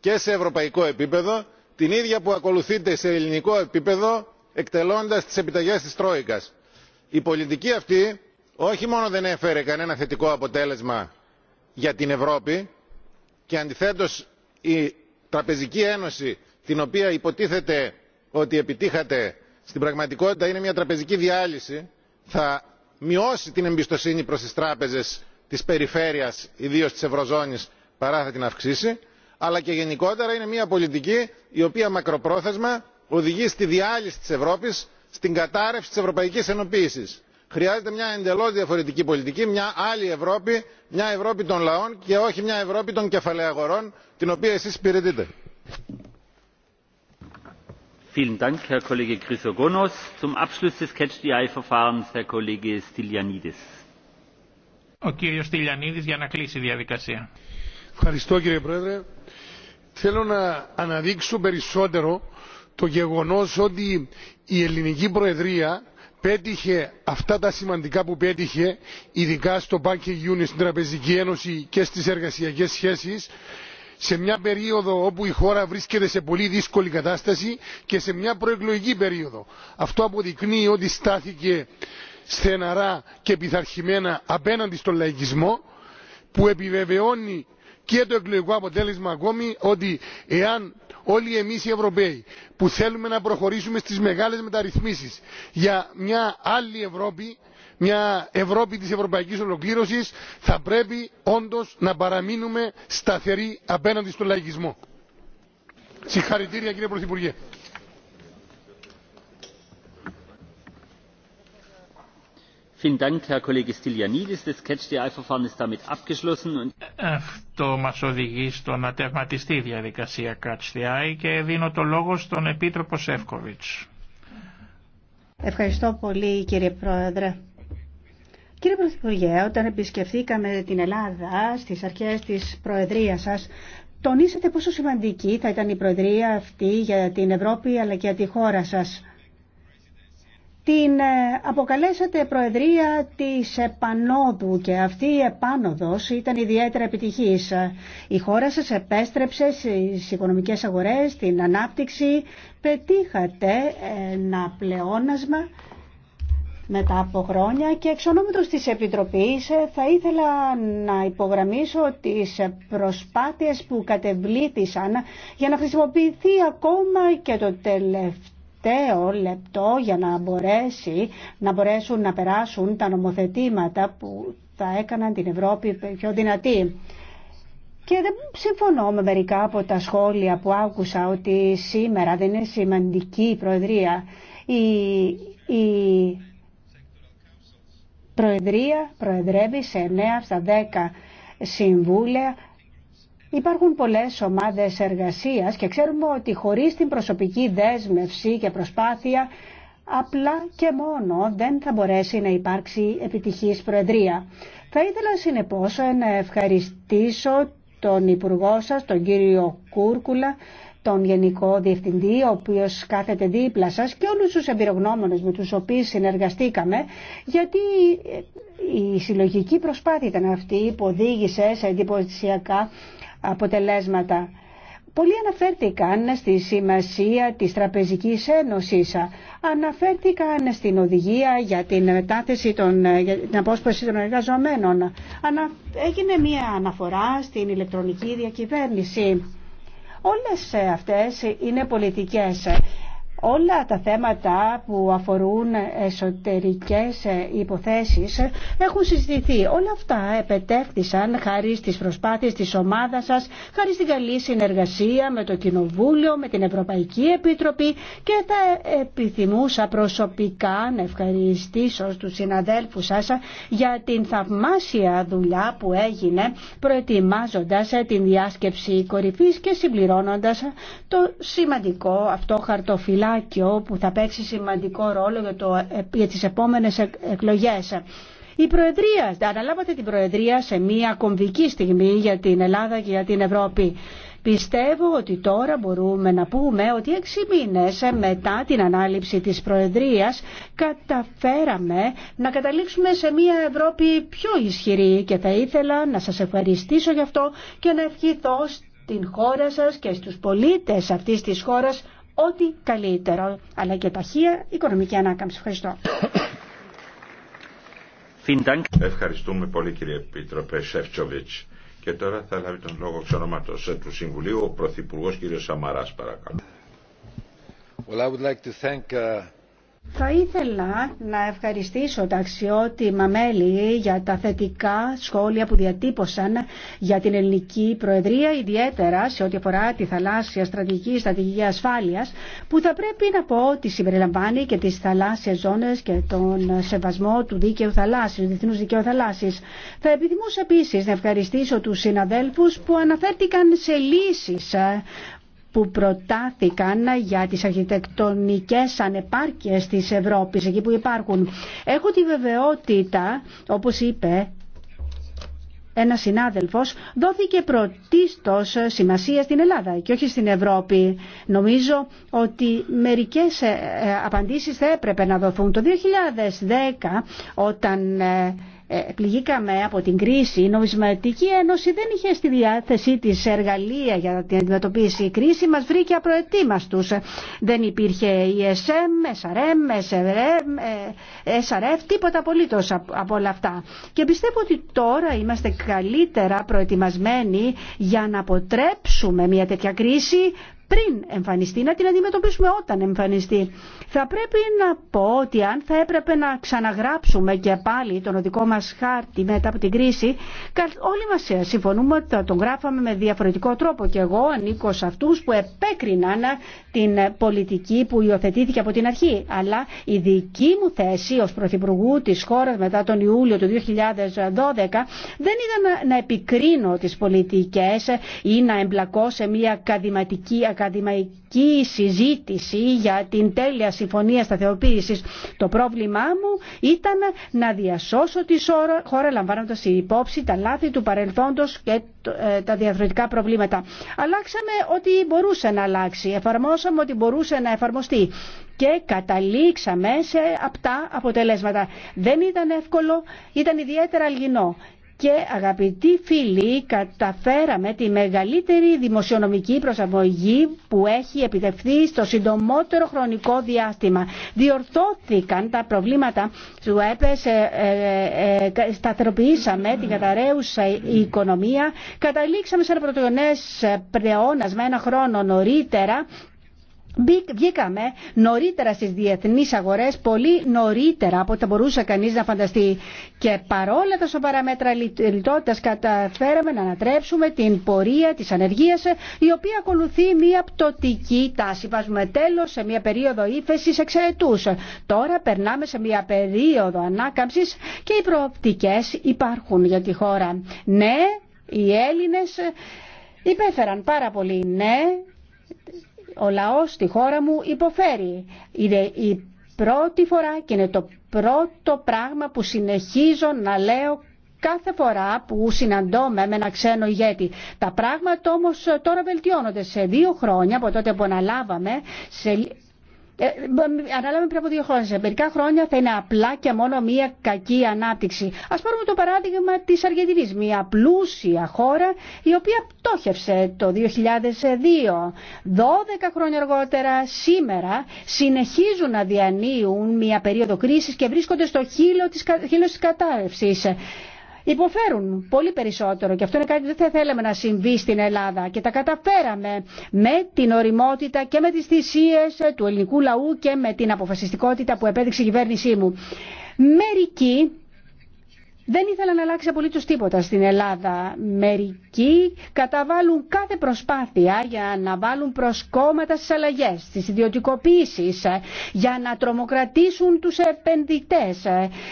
και σε ευρωπαϊκό επίπεδο την ίδια που ακολουθείτε σε ελληνικό επίπεδο εκτελώντας τις επιταγές της τρόικας. η πολιτική αυτή όχι μόνο δεν έφερε κανένα θετικό αποτέλεσμα για την ευρώπη και αντιθέτως η τραπεζική ένωση την οποία υποτίθεται ότι επιτύχατε στην πραγματικότητα είναι μια τραπεζική διάλυση θα μειώσει την εμπιστοσύνη προς τις τράπεζες της περιφέρειας ιδίως της ευρωζώνης παρά θα την αυξήσει αλλά και γενικότερα είναι μια πολιτική η οποία μακροπρόθεσμα οδηγεί στη διάλυση της ευρώπης στην κατάρρευση της ευρωπαϊκής ενοποίησης χρειάζεται μια εντελώς διαφορετική πολιτική μια άλλη ευρώπη μια ευρώπη των λαών και όχι μια ευρώπη των κεφαλαιαγορών την οποία εσείς υπηρετείτε. Ο κύριος για να κλείσει η διαδικασία. Ευχαριστώ κύριε Πρόεδρε. Θέλω να αναδείξω περισσότερο το γεγονός ότι η ελληνική προεδρία πέτυχε αυτά τα σημαντικά που πέτυχε ειδικά στο banking union στην τραπεζική ένωση και στις εργασιακές σχέσεις σε μια περίοδο όπου η χώρα βρίσκεται σε πολύ δύσκολη κατάσταση και σε μια προεκλογική περίοδο. αυτό αποδεικνύει ότι στάθηκε στεναρά και πειθαρχημένα απέναντι στον λαϊκισμό που επιβεβαιώνει και το εκλογικό αποτέλεσμα ακόμη ότι εάν όλοι εμείς οι Ευρωπαίοι που θέλουμε να προχωρήσουμε στις μεγάλες μεταρρυθμίσεις για μια άλλη Ευρώπη, μια Ευρώπη της ευρωπαϊκής ολοκλήρωσης, θα πρέπει όντως να παραμείνουμε σταθεροί απέναντι στον λαϊκισμό. Συγχαρητήρια κύριε Πρωθυπουργέ. Αυτό μα οδηγεί στο να τερματιστεί διαδικασία Catch και δίνω το λόγο στον Επίτροπο Ευχαριστώ πολύ κύριε Πρόεδρε. Κύριε Πρωθυπουργέ, όταν επισκεφθήκαμε την Ελλάδα στις αρχές της Προεδρίας σας, τονίσατε πόσο σημαντική θα ήταν η Προεδρία αυτή για την Ευρώπη αλλά και για τη χώρα σας την ε, αποκαλέσατε Προεδρία της Επανόδου και αυτή η επάνωδος ήταν ιδιαίτερα επιτυχής. Η χώρα σας επέστρεψε στις οικονομικές αγορές, την ανάπτυξη. Πετύχατε ένα πλεόνασμα μετά από χρόνια και εξ ονόματος της Επιτροπής ε, θα ήθελα να υπογραμμίσω τις προσπάθειες που κατεβλήθησαν για να χρησιμοποιηθεί ακόμα και το τελευταίο τελευταίο λεπτό για να, μπορέσει, να μπορέσουν να περάσουν τα νομοθετήματα που θα έκαναν την Ευρώπη πιο δυνατή. Και δεν συμφωνώ με μερικά από τα σχόλια που άκουσα ότι σήμερα δεν είναι σημαντική η Προεδρία. Η, Προεδρία προεδρεύει σε 9 στα 10 συμβούλια Υπάρχουν πολλές ομάδες εργασίας και ξέρουμε ότι χωρίς την προσωπική δέσμευση και προσπάθεια απλά και μόνο δεν θα μπορέσει να υπάρξει επιτυχής προεδρία. Θα ήθελα συνεπώς να ευχαριστήσω τον Υπουργό σας, τον κύριο Κούρκουλα, τον Γενικό Διευθυντή, ο οποίος κάθεται δίπλα σας και όλους τους εμπειρογνώμονες με τους οποίους συνεργαστήκαμε, γιατί η συλλογική προσπάθεια ήταν αυτή που οδήγησε σε εντυπωσιακά αποτελέσματα. Πολλοί αναφέρθηκαν στη σημασία της Τραπεζικής Ένωσης, αναφέρθηκαν στην οδηγία για την μετάθεση των, για την απόσπαση των εργαζομένων. Έγινε μια αναφορά στην ηλεκτρονική διακυβέρνηση. Όλες αυτές είναι πολιτικές όλα τα θέματα που αφορούν εσωτερικές υποθέσεις έχουν συζητηθεί. Όλα αυτά επετέφθησαν χάρη στις προσπάθειες της ομάδας σας, χάρη στην καλή συνεργασία με το Κοινοβούλιο, με την Ευρωπαϊκή Επιτροπή και θα επιθυμούσα προσωπικά να ευχαριστήσω στους συναδέλφους σας για την θαυμάσια δουλειά που έγινε προετοιμάζοντας την διάσκεψη κορυφής και συμπληρώνοντας το σημαντικό αυτό χαρτοφυλάκι και που θα παίξει σημαντικό ρόλο για, το, για τις επόμενες εκλογές. Η Προεδρία, αναλάβατε την Προεδρία σε μια κομβική στιγμή για την Ελλάδα και για την Ευρώπη. Πιστεύω ότι τώρα μπορούμε να πούμε ότι έξι μήνες μετά την ανάληψη της Προεδρίας καταφέραμε να καταλήξουμε σε μια Ευρώπη πιο ισχυρή και θα ήθελα να σας ευχαριστήσω γι' αυτό και να ευχηθώ στην χώρα σας και στους πολίτες αυτής της χώρας ό,τι καλύτερο, αλλά και ταχεία οικονομική ανάκαμψη. Ευχαριστώ. Ευχαριστούμε πολύ κύριε Επίτροπε Σεφτσοβιτς. Και τώρα θα λάβει τον λόγο ξενόματος ε, του Συμβουλίου ο Πρωθυπουργός κύριος Σαμαράς παρακαλώ. Well, I would like to thank, uh... Θα ήθελα να ευχαριστήσω τα αξιότιμα μέλη για τα θετικά σχόλια που διατύπωσαν για την ελληνική προεδρία, ιδιαίτερα σε ό,τι αφορά τη θαλάσσια στρατηγική στρατηγική ασφάλεια, που θα πρέπει να πω ότι συμπεριλαμβάνει και τι θαλάσσιες ζώνες και τον σεβασμό του δίκαιου θαλάσσιου, του δικαίου θαλάσσης. Θα επιθυμούσα επίση να ευχαριστήσω του συναδέλφους που αναφέρθηκαν σε λύσει. Ε, που προτάθηκαν για τις αρχιτεκτονικές ανεπάρκειες της Ευρώπης, εκεί που υπάρχουν. Έχω τη βεβαιότητα, όπως είπε ένα συνάδελφος, δόθηκε πρωτίστως σημασία στην Ελλάδα και όχι στην Ευρώπη. Νομίζω ότι μερικές ε, ε, απαντήσεις θα έπρεπε να δοθούν. Το 2010, όταν ε, ε, πληγήκαμε από την κρίση. Η Νομισματική Ένωση δεν είχε στη διάθεσή της εργαλεία για την αντιμετωπίση. Η κρίση μας βρήκε απροετοίμαστους. Δεν υπήρχε ESM, SRM, SRM, ε, SRF, τίποτα απολύτως από όλα αυτά. Και πιστεύω ότι τώρα είμαστε καλύτερα προετοιμασμένοι για να αποτρέψουμε μια τέτοια κρίση πριν εμφανιστεί, να την αντιμετωπίσουμε όταν εμφανιστεί. Θα πρέπει να πω ότι αν θα έπρεπε να ξαναγράψουμε και πάλι τον οδικό μας χάρτη μετά από την κρίση, όλοι μας ε, συμφωνούμε ότι θα τον γράφαμε με διαφορετικό τρόπο και εγώ ανήκω σε αυτούς που επέκριναν την πολιτική που υιοθετήθηκε από την αρχή. Αλλά η δική μου θέση ως Πρωθυπουργού της χώρας μετά τον Ιούλιο του 2012 δεν ήταν να επικρίνω τις πολιτικές ή να εμπλακώ σε μια ακαδηματική ακαδημαϊκή συζήτηση για την τέλεια συμφωνία σταθεροποίηση. Το πρόβλημά μου ήταν να διασώσω τη χώρα λαμβάνοντα υπόψη τα λάθη του παρελθόντο και ε, τα διαφορετικά προβλήματα. Αλλάξαμε ό,τι μπορούσε να αλλάξει. Εφαρμόσαμε ό,τι μπορούσε να εφαρμοστεί και καταλήξαμε σε απτά αποτελέσματα. Δεν ήταν εύκολο, ήταν ιδιαίτερα αλγινό και αγαπητοί φίλοι καταφέραμε τη μεγαλύτερη δημοσιονομική προσαρμογή που έχει επιτευχθεί στο συντομότερο χρονικό διάστημα. Διορθώθηκαν τα προβλήματα του ΕΠΕΣ, ε, ε, ε, σταθεροποιήσαμε την καταραίουσα οικονομία, καταλήξαμε σε ένα πρωτογενές πρεώνας ένα χρόνο νωρίτερα βγήκαμε νωρίτερα στις διεθνείς αγορές, πολύ νωρίτερα από ό,τι θα μπορούσε κανείς να φανταστεί. Και παρόλα τα σοβαρά μέτρα λιτότητας καταφέραμε να ανατρέψουμε την πορεία της ανεργίας, η οποία ακολουθεί μια πτωτική τάση. Βάζουμε τέλος σε μια περίοδο ύφεση εξαιρετούς. Τώρα περνάμε σε μια περίοδο ανάκαμψης και οι προοπτικές υπάρχουν για τη χώρα. Ναι, οι Έλληνες υπέφεραν πάρα πολύ. Ναι, ο λαός στη χώρα μου υποφέρει. Είναι η πρώτη φορά και είναι το πρώτο πράγμα που συνεχίζω να λέω κάθε φορά που συναντώ με ένα ξένο ηγέτη. Τα πράγματα όμως τώρα βελτιώνονται. Σε δύο χρόνια από τότε που αναλάβαμε, σε ε, ανάλαμε πριν από δύο χρόνια. Σε μερικά χρόνια θα είναι απλά και μόνο μία κακή ανάπτυξη. Α πάρουμε το παράδειγμα τη Αργεντινή, μία πλούσια χώρα η οποία πτώχευσε το 2002. 12 χρόνια αργότερα, σήμερα, συνεχίζουν να διανύουν μία περίοδο κρίση και βρίσκονται στο χείλο τη κατάρρευση υποφέρουν πολύ περισσότερο και αυτό είναι κάτι που δεν θα θέλαμε να συμβεί στην Ελλάδα και τα καταφέραμε με την οριμότητα και με τις θυσίες του ελληνικού λαού και με την αποφασιστικότητα που επέδειξε η κυβέρνησή μου. Μερικοί δεν ήθελα να αλλάξει απολύτως τίποτα στην Ελλάδα. Μερικοί καταβάλουν κάθε προσπάθεια για να βάλουν προσκόμματα στι αλλαγές, στις ιδιωτικοποίησεις, για να τρομοκρατήσουν τους επενδυτές,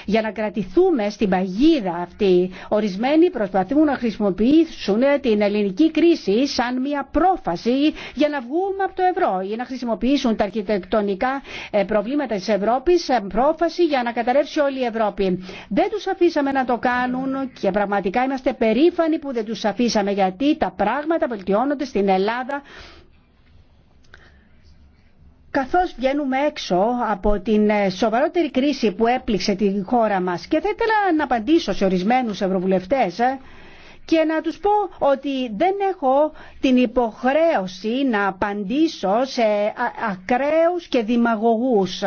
για να κρατηθούμε στην παγίδα αυτή. Ορισμένοι προσπαθούν να χρησιμοποιήσουν την ελληνική κρίση σαν μια πρόφαση για να βγούμε από το ευρώ ή να χρησιμοποιήσουν τα αρχιτεκτονικά ε, προβλήματα της Ευρώπης σαν πρόφαση για να καταρρεύσει όλη η Ευρώπη. Δεν τους αφήσαμε να το κάνουν και πραγματικά είμαστε περήφανοι που δεν τους αφήσαμε γιατί τα πράγματα βελτιώνονται στην Ελλάδα καθώς βγαίνουμε έξω από την ε, σοβαρότερη κρίση που έπληξε την χώρα μας και θα ήθελα να απαντήσω σε ορισμένους ευρωβουλευτές ε, και να τους πω ότι δεν έχω την υποχρέωση να απαντήσω σε ακραίους και δημαγωγούς.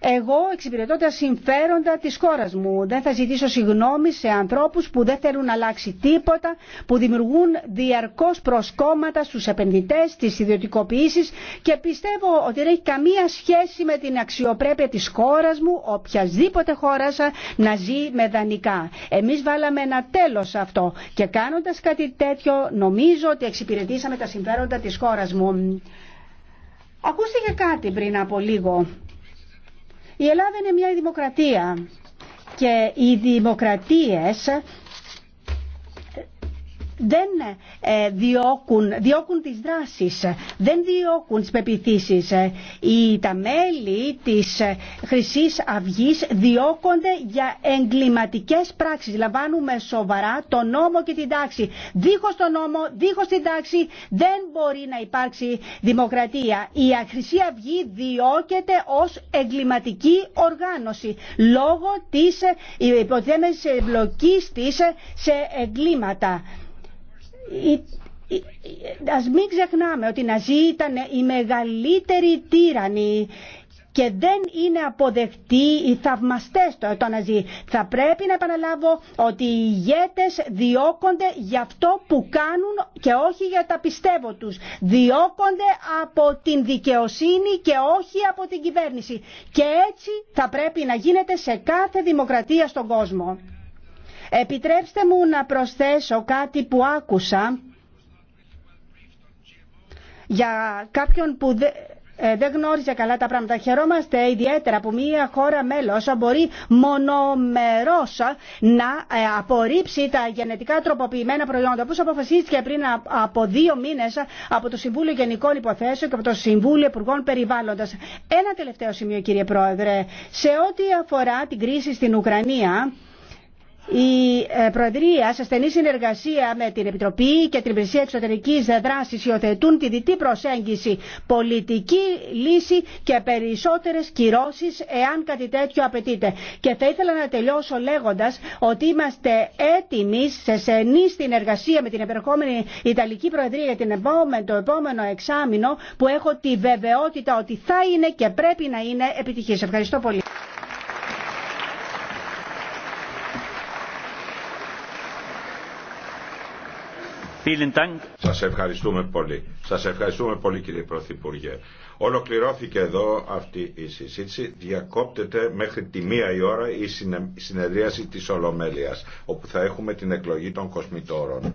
Εγώ εξυπηρετώ τα συμφέροντα της χώρας μου. Δεν θα ζητήσω συγγνώμη σε ανθρώπους που δεν θέλουν να αλλάξει τίποτα, που δημιουργούν διαρκώς προσκόμματα στους επενδυτές, στις ιδιωτικοποιήσεις και πιστεύω ότι δεν έχει καμία σχέση με την αξιοπρέπεια της χώρας μου, οποιασδήποτε χώρασα, να ζει με δανεικά. Εμείς βάλαμε ένα τέλος σε αυτό και κάνοντας κάτι τέτοιο νομίζω ότι εξυπηρετήσαμε τα συμφέροντα της χώρας μου. Ακούστηκε κάτι πριν από λίγο η Ελλάδα είναι μια δημοκρατία και οι δημοκρατίες δεν ε, διώκουν, διώκουν τις δράσεις, δεν διώκουν τις πεπιθήσεις. Ε, οι, τα μέλη της ε, χρυσή Αυγής διώκονται για εγκληματικές πράξεις. Λαμβάνουμε σοβαρά τον νόμο και την τάξη. Δίχως τον νόμο, δίχως την τάξη δεν μπορεί να υπάρξει δημοκρατία. Η χρυσή αυγή διώκεται ως εγκληματική οργάνωση λόγω της υποθέμενης εμπλοκής της σε εγκλήματα. Ας μην ξεχνάμε ότι οι Ναζί ήταν η μεγαλύτερη τύρανοι και δεν είναι αποδεκτοί οι θαυμαστές των Ναζί. Θα πρέπει να επαναλάβω ότι οι ηγέτες διώκονται για αυτό που κάνουν και όχι για τα πιστεύω τους. Διώκονται από την δικαιοσύνη και όχι από την κυβέρνηση. Και έτσι θα πρέπει να γίνεται σε κάθε δημοκρατία στον κόσμο. Επιτρέψτε μου να προσθέσω κάτι που άκουσα για κάποιον που δεν... Ε, δεν γνώριζε καλά τα πράγματα. Χαιρόμαστε ιδιαίτερα που μία χώρα μέλος μπορεί μονομερός να ε, απορρίψει τα γενετικά τροποποιημένα προϊόντα, όπως αποφασίστηκε πριν από δύο μήνες από το Συμβούλιο Γενικών Υποθέσεων και από το Συμβούλιο Υπουργών Περιβάλλοντας. Ένα τελευταίο σημείο, κύριε Πρόεδρε. Σε ό,τι αφορά την κρίση στην Ουκρανία, η ε, Προεδρία, σε στενή συνεργασία με την Επιτροπή και την Υπηρεσία Εξωτερική Δράση, υιοθετούν τη διτή προσέγγιση, πολιτική λύση και περισσότερε κυρώσει, εάν κάτι τέτοιο απαιτείται. Και θα ήθελα να τελειώσω λέγοντα ότι είμαστε έτοιμοι σε στενή συνεργασία με την επερχόμενη Ιταλική Προεδρία για την επόμενη, το επόμενο εξάμεινο, που έχω τη βεβαιότητα ότι θα είναι και πρέπει να είναι επιτυχή. Ευχαριστώ πολύ. Σας ευχαριστούμε πολύ. Σας ευχαριστούμε πολύ κύριε Πρωθυπουργέ. Ολοκληρώθηκε εδώ αυτή η συζήτηση. Διακόπτεται μέχρι τη μία η ώρα η συνεδρίαση της Ολομέλειας, όπου θα έχουμε την εκλογή των κοσμητόρων.